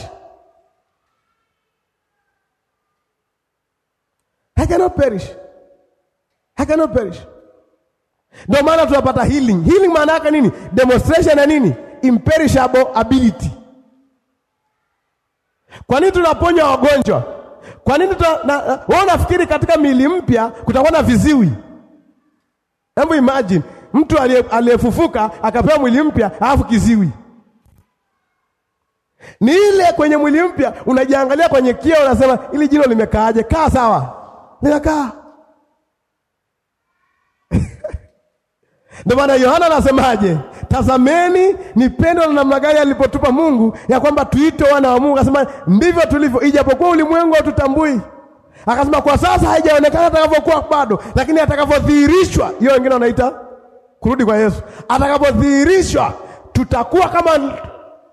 I cannot perish. I cannot perish. Ndio maana tunapata healing. Healing maana yake nini? Demonstration ya nini? imperishable ability. Kwa nini tunaponya wagonjwa? Kwa nini wewe unafikiri katika miili mpya kutakuwa na viziwi? Hebu imagine mtu aliyefufuka akapewa mwili mpya alafu kiziwi. Ni ile kwenye mwili mpya unajiangalia kwenye kioo unasema, ili jino limekaaje? Kaa sawa, linakaa Ndio maana Yohana anasemaje? Tazameni ni pendo na namna gani alipotupa Mungu ya kwamba tuite wana wa Mungu. Akasema ndivyo tulivyo, ijapokuwa ulimwengu tutambui Akasema kwa sasa haijaonekana atakavyokuwa bado, lakini atakavyodhihirishwa, hiyo wengine wanaita kurudi kwa Yesu. Atakapodhihirishwa tutakuwa kama,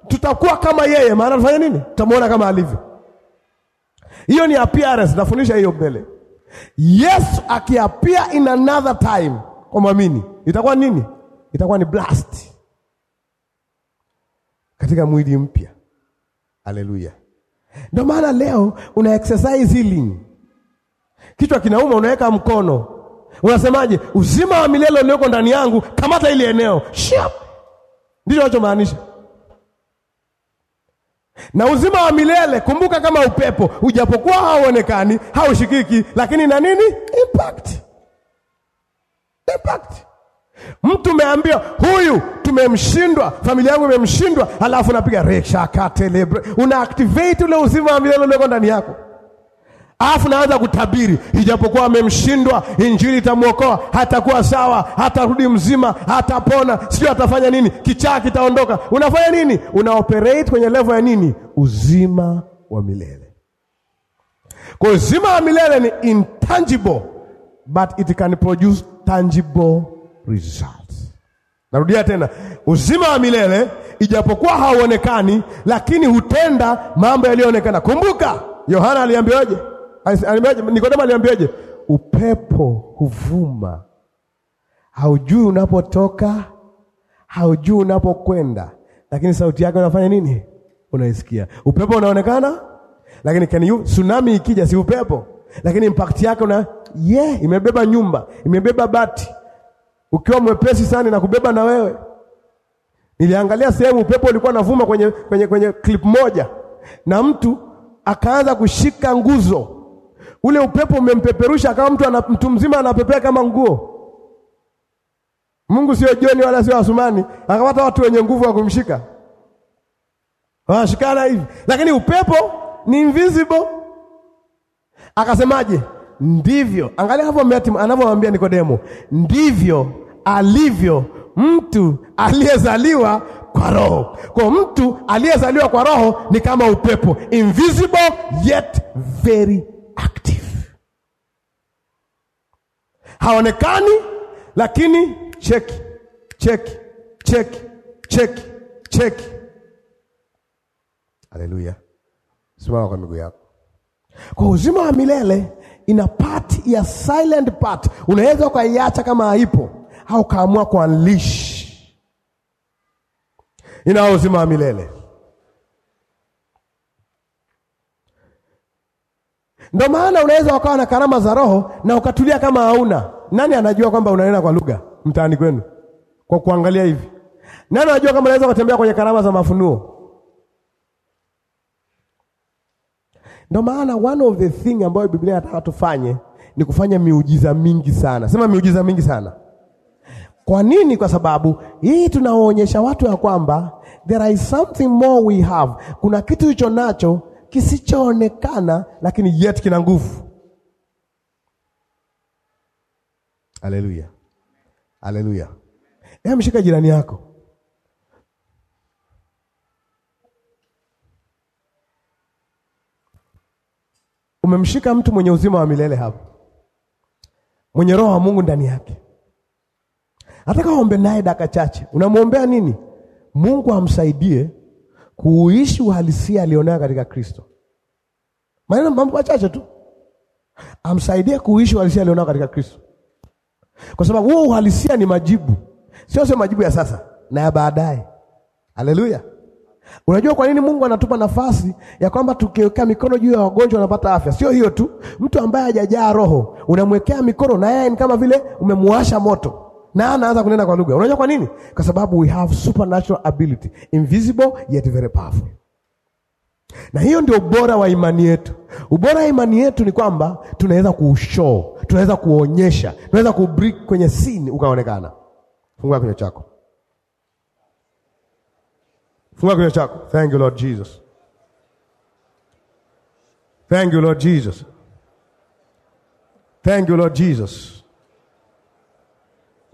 tutakuwa kama yeye. Maana tufanye nini? Tutamwona kama alivyo. Hiyo ni appearance, nafundisha hiyo mbele. Yesu akiapia in another time kwa mwamini itakuwa nini? Itakuwa ni blast katika mwili mpya. Haleluya! Ndio maana leo una exercise healing. Kichwa kinauma, unaweka mkono, unasemaje? Uzima wa milele ulioko ndani yangu, kamata ile eneo shap, ndicho nachomaanisha na uzima wa milele kumbuka, kama upepo ujapokuwa hauonekani haushikiki, lakini na nini impact impact Mtu umeambia huyu tumemshindwa, familia yangu imemshindwa, alafu unapiga katelebre, una activate ule uzima wa milele ulioko ndani yako, alafu naanza kutabiri, ijapokuwa amemshindwa, injili itamwokoa, hatakuwa sawa, hatarudi mzima, hatapona, sio atafanya nini, kichaa kitaondoka. Unafanya nini? Una operate kwenye level ya nini? Uzima wa milele. Kwa uzima wa milele ni intangible but it can produce tangible results. Narudia tena, uzima wa milele ijapokuwa hauonekani, lakini hutenda mambo yaliyoonekana. Kumbuka Yohana aliambiwaje? Aliambiwaje? Nikodemo aliambiwaje? Upepo huvuma, haujui unapotoka, haujui unapokwenda, lakini sauti yake unafanya nini? Unaisikia. Upepo unaonekana, lakini can you, tsunami ikija, si upepo, lakini impact yake una yeah, imebeba nyumba, imebeba bati ukiwa mwepesi sana na kubeba na wewe. Niliangalia sehemu upepo ulikuwa unavuma kwenye, kwenye, kwenye clip moja, na mtu akaanza kushika nguzo, ule upepo umempeperusha kama mtu, ana, mtu mzima anapepea kama nguo. Mungu sio Joni wala sio Asumani, akapata watu wenye nguvu wa kumshika, wanashikana hivi, lakini upepo ni invisible. Akasemaje? Ndivyo, angalia hapo anavyomwambia Nikodemo, ndivyo alivyo mtu aliyezaliwa kwa roho. Kwa mtu aliyezaliwa kwa roho ni kama upepo, invisible yet very active, haonekani lakini cheki cheki cheki cheki cheki. Haleluya! Simama kwa miguu yako. Kwa uzima wa milele ina part ya silent part, unaweza ukaiacha kama haipo au kaamua kuanlish inao uzima wa milele. Ndio maana unaweza ukawa na karama za roho na ukatulia kama hauna. Nani anajua kwamba unanena kwa lugha mtaani kwenu kwa kuangalia hivi? Nani anajua kama unaweza kutembea kwenye karama za mafunuo? Ndio maana one of the thing ambayo Biblia inataka tufanye ni kufanya miujiza mingi sana. Sema miujiza mingi sana. Kwa nini? Kwa sababu hii tunaonyesha watu ya kwamba there is something more we have, kuna kitu hicho nacho kisichoonekana, lakini yet kina nguvu. Haleluya, haleluya! E, mshika jirani yako Umemshika mtu mwenye uzima wa milele hapo, mwenye roho wa Mungu ndani yake. Hata kama naye dakika chache, unamwombea nini? Mungu amsaidie kuishi uhalisia alionayo katika Kristo. Maneno mambo machache tu, amsaidie kuishi uhalisia alionayo katika Kristo, kwa sababu huo uhalisia ni majibu, sio sio majibu ya sasa na ya baadaye. Haleluya! Unajua kwa nini Mungu anatupa nafasi ya kwamba tukiwekea mikono juu ya wagonjwa wanapata afya? Sio hiyo tu, mtu ambaye hajajaa Roho unamwekea mikono na yeye ni kama vile umemwasha moto na anaanza kunena kwa lugha. Unajua kwa nini? Kwa sababu we have supernatural ability, invisible yet very powerful. Na hiyo ndio ubora wa imani yetu. Ubora wa imani yetu ni kwamba tunaweza kuushow, tunaweza kuonyesha, tunaweza kubreak kwenye scene ukaonekana. Fungua kinywa chako, fungua kinywa chako. Thank you Lord Jesus, thank you Lord Jesus, thank you Lord Jesus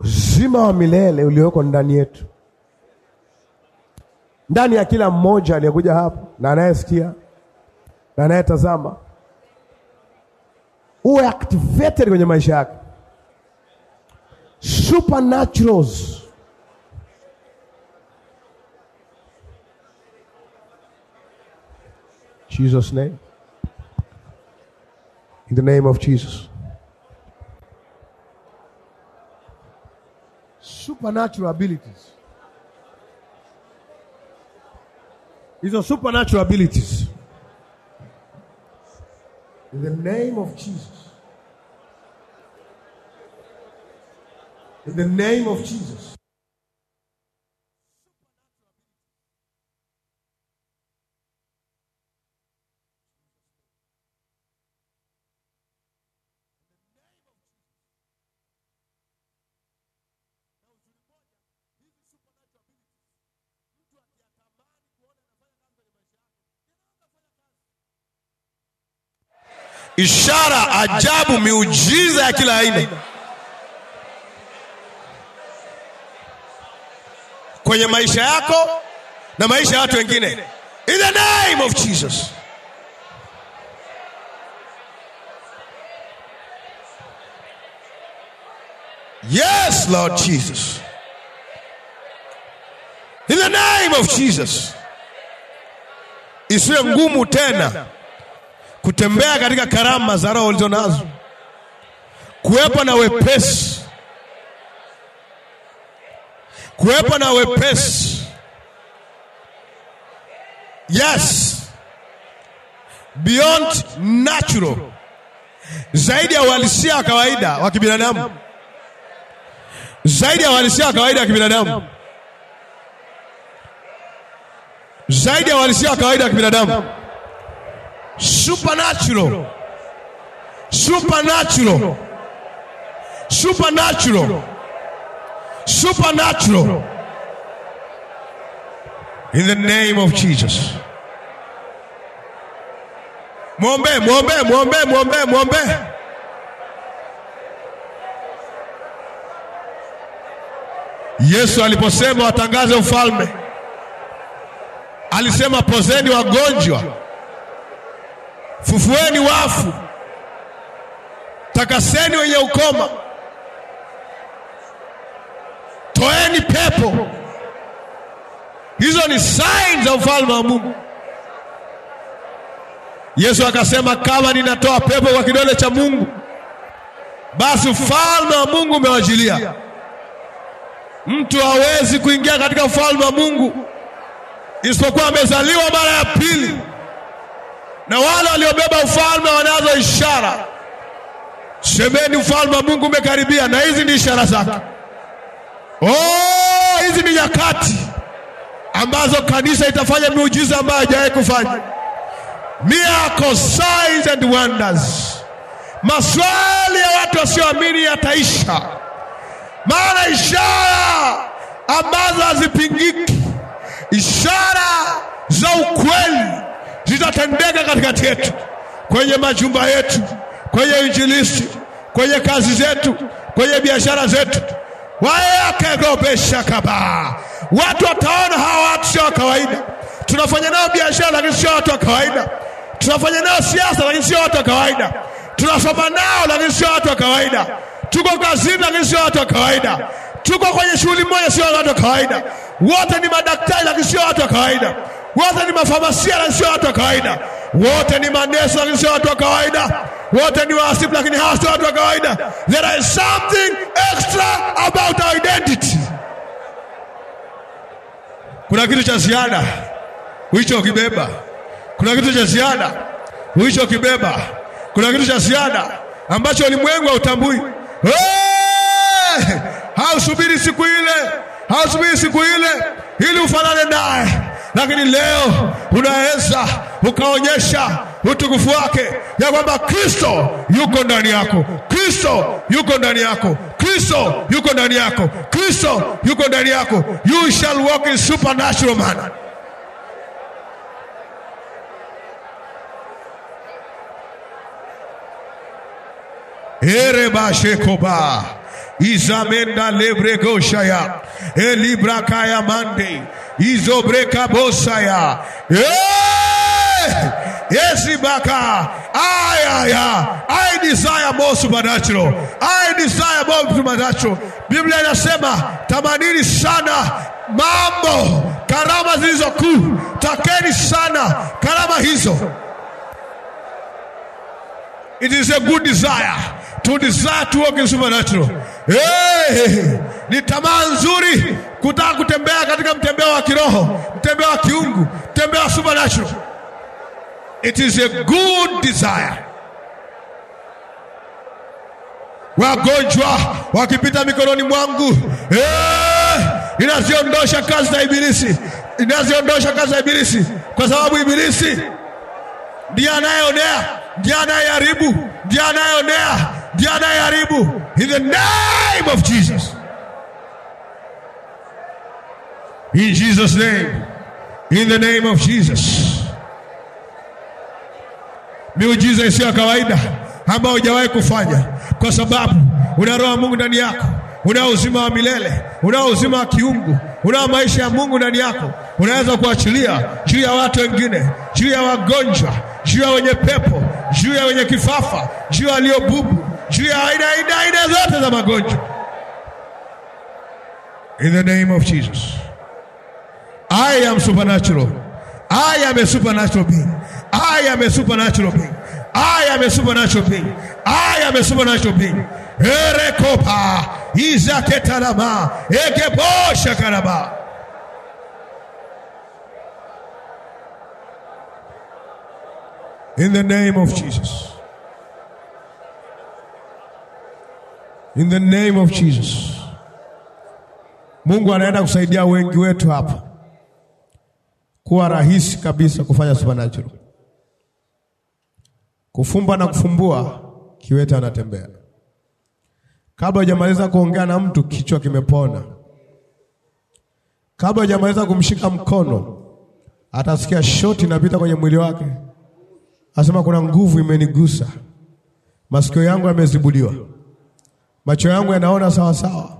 uzima wa milele ulioko ndani yetu, ndani ya kila mmoja aliyekuja hapo na anayesikia na anayetazama, uwe activated kwenye maisha yake. Supernaturals Jesus name. In the name of Jesus. supernatural abilities. These are supernatural abilities. In the name of Jesus. In the name of Jesus. ishara, ajabu, miujiza ya kila aina kwenye maisha yako na maisha ya watu wengine, in the name of Jesus. Yes, Lord Jesus. In the name of Jesus. Isiwe ngumu tena kutembea katika karama za Roho ulizo nazo, kuwepo na wepesi, kuwepo na wepesi. Yes, beyond natural, zaidi ya uhalisia wa kawaida wa kibinadamu, zaidi ya uhalisia wa kawaida wa kibinadamu, zaidi ya uhalisia wa kawaida wa kibinadamu supernatural supernatural supernatural supernatural in the name of Jesus. Mwombe, mwombe, mwombe, mwombe, mwombe. Yesu aliposema watangaze ufalme, alisema pozeni wagonjwa fufueni wafu, takaseni wenye ukoma, toeni pepo. Hizo ni signs za ufalme wa Mungu. Yesu akasema, kama ninatoa pepo kwa kidole cha Mungu, basi ufalme wa Mungu umewajilia. Mtu hawezi kuingia katika ufalme wa Mungu isipokuwa amezaliwa mara ya pili na wale waliobeba ufalme wanazo ishara. Semeni, ufalme wa Mungu umekaribia, na hizi ni ishara zake. Oh, hizi ni nyakati ambazo kanisa itafanya miujiza ambayo haijawahi kufanya. Miracles, signs and wonders. Maswali ya watu wasioamini yataisha, maana ishara ambazo hazipingiki, ishara za ukweli zitatendeka katikati yetu, kwenye majumba yetu, kwenye injilisti, kwenye kazi zetu, kwenye biashara zetu. kaba watu wataona hawa watu sio wa kawaida. Tunafanya nao biashara lakini sio watu wa kawaida. Tunafanya nao siasa lakini sio watu wa kawaida. Tunasoma nao lakini sio watu wa kawaida. Tuko kazini lakini sio watu wa kawaida. Tuko kwenye shughuli moja, sio watu wa kawaida. Wote ni madaktari lakini sio watu wa kawaida wote ni mafamasia lakini sio watu wa kawaida, wote ni manesi lakini sio watu wa kawaida, wote ni waasibu lakini hawa sio watu wa kawaida. There is something extra about our identity. Kuna kitu cha ziada uicho kibeba, kuna kitu cha ziada uicho kibeba, kuna kitu cha ziada ambacho ulimwengu hautambui. Hausubiri siku ile, hausubiri siku ile ili ufanane naye lakini leo unaweza ukaonyesha utukufu wake, ya kwamba Kristo yuko ndani yako, Kristo yuko ndani yako, Kristo yuko ndani yako, Kristo yuko ndani yako. You shall walk in supernatural man. erebashekoba izamenda lebregoshaya elibrakaya mande izobrekabosaya Ezibaka. Eh! Ay, ay, ay. I desire more supernatural. I desire more supernatural. Biblia inasema tamanini sana mambo, karama zilizo kuu. Takeni sana karama hizo. It is a good desire to desire to walk in supernatural. Hey, ni tamaa nzuri kutaka kutembea katika mtembeo wa kiroho, mtembeo wa kiungu, mtembeo wa supernatural. It is a good desire. Wagonjwa wakipita mikononi mwangu, hey, eh, inaziondosha kazi za Ibilisi, inaziondosha kazi za Ibilisi, kwa sababu Ibilisi ndiye anayeonea, ndiye anayeharibu, ndiye anayeonea ndiye anayeharibu in the name of Jesus. In Jesus name. In the name of Jesus. Miujiza isiyo ya kawaida ambayo hujawahi kufanya, kwa sababu una roho Mungu ndani yako, unao uzima wa milele, una uzima wa kiungu, unao maisha ya Mungu ndani yako. Unaweza kuachilia juu ya watu wengine, juu ya wagonjwa, juu ya wenye pepo, juu ya wenye kifafa, juu ya waliobubu juu ya aina aina aina zote za magonjwa in the name of Jesus. I am supernatural. I am a supernatural being. I am a supernatural being. I am a supernatural being. I am a supernatural being. Erekopa izaketalama In the name of Jesus. In the name of Jesus. Mungu anaenda kusaidia wengi wetu hapa kuwa rahisi kabisa kufanya supernatural. Kufumba na kufumbua, kiwete anatembea. Kabla hujamaliza kuongea na mtu, kichwa kimepona. Kabla hujamaliza kumshika mkono, atasikia shoti inapita kwenye mwili wake, asema kuna nguvu imenigusa, masikio yangu yamezibuliwa macho yangu yanaona sawasawa.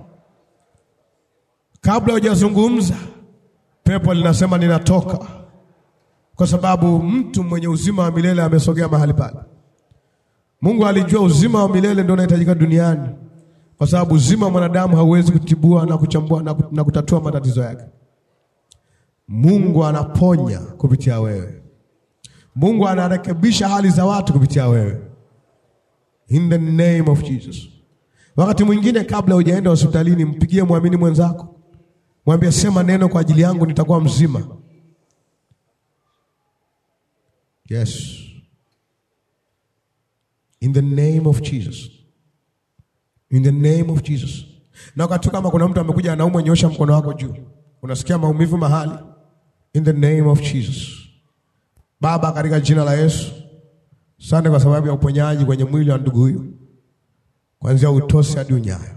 Kabla hujazungumza, pepo linasema ninatoka, kwa sababu mtu mwenye uzima wa milele amesogea mahali pale. Mungu alijua uzima wa milele ndio unahitajika duniani, kwa sababu uzima wa mwanadamu hauwezi kutibua na kuchambua na, na kutatua matatizo yake. Mungu anaponya kupitia wewe. Mungu anarekebisha hali za watu kupitia wewe. In the name of Jesus. Wakati mwingine kabla hujaenda hospitalini, mpigie mwamini mwenzako, mwambie sema neno kwa ajili yangu, nitakuwa mzima. Yes, in the name of Jesus, in the name of Jesus. Na wakati kama kuna mtu amekuja anaumwa, nyosha mkono wako juu, unasikia maumivu mahali, in the name of Jesus. Baba, katika jina la Yesu, asante kwa sababu ya uponyaji kwenye mwili wa ndugu huyu kuanzia utosi hadi unyayo,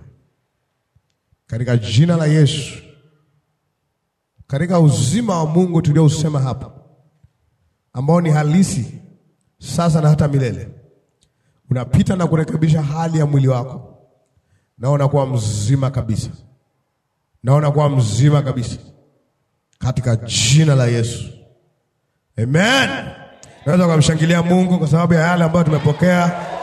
katika jina la Yesu, katika uzima wa Mungu tuliousema hapa ambao ni halisi sasa na hata milele, unapita na kurekebisha hali ya mwili wako. Naona kuwa mzima kabisa, naona kuwa mzima kabisa katika jina la Yesu, amen. Naweza kumshangilia Mungu kwa sababu ya yale ambayo tumepokea.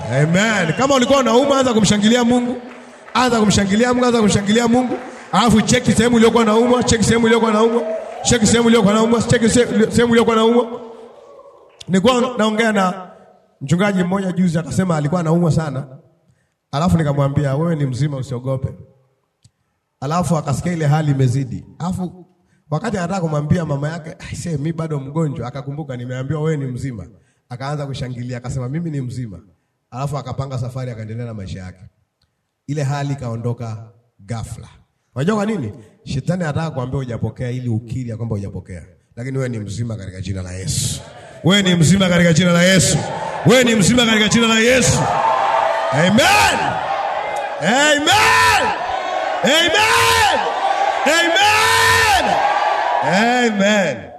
Amen. Kama ulikuwa unauma, anza kumshangilia Mungu, anza kumshangilia Mungu, anza kumshangilia Mungu, alafu cheki sehemu iliyokuwa naumwa, cheki sehemu iliyokuwa naumwa, cheki sehemu iliyokuwa naumwa, cheki sehemu iliyokuwa naumwa. Nilikuwa naongea na mchungaji mmoja juzi, akasema alikuwa anaumwa sana, alafu nikamwambia wewe ni mzima, usiogope. Alafu akasikia ile hali imezidi, alafu wakati anataka kumwambia mama yake, aisee, mimi bado mgonjwa, akakumbuka nimeambiwa wewe ni mzima, akaanza kushangilia, akasema mimi ni mzima alafu akapanga safari akaendelea na maisha yake. Ile hali ikaondoka ghafla. Unajua kwa nini? Shetani anataka kuambia hujapokea ili ukiri ya kwamba hujapokea. Lakini wewe ni mzima katika jina la Yesu. Wewe ni mzima katika jina la Yesu. Wewe ni mzima katika jina la Yesu. Amen. Amen. Amen. Amen. Amen.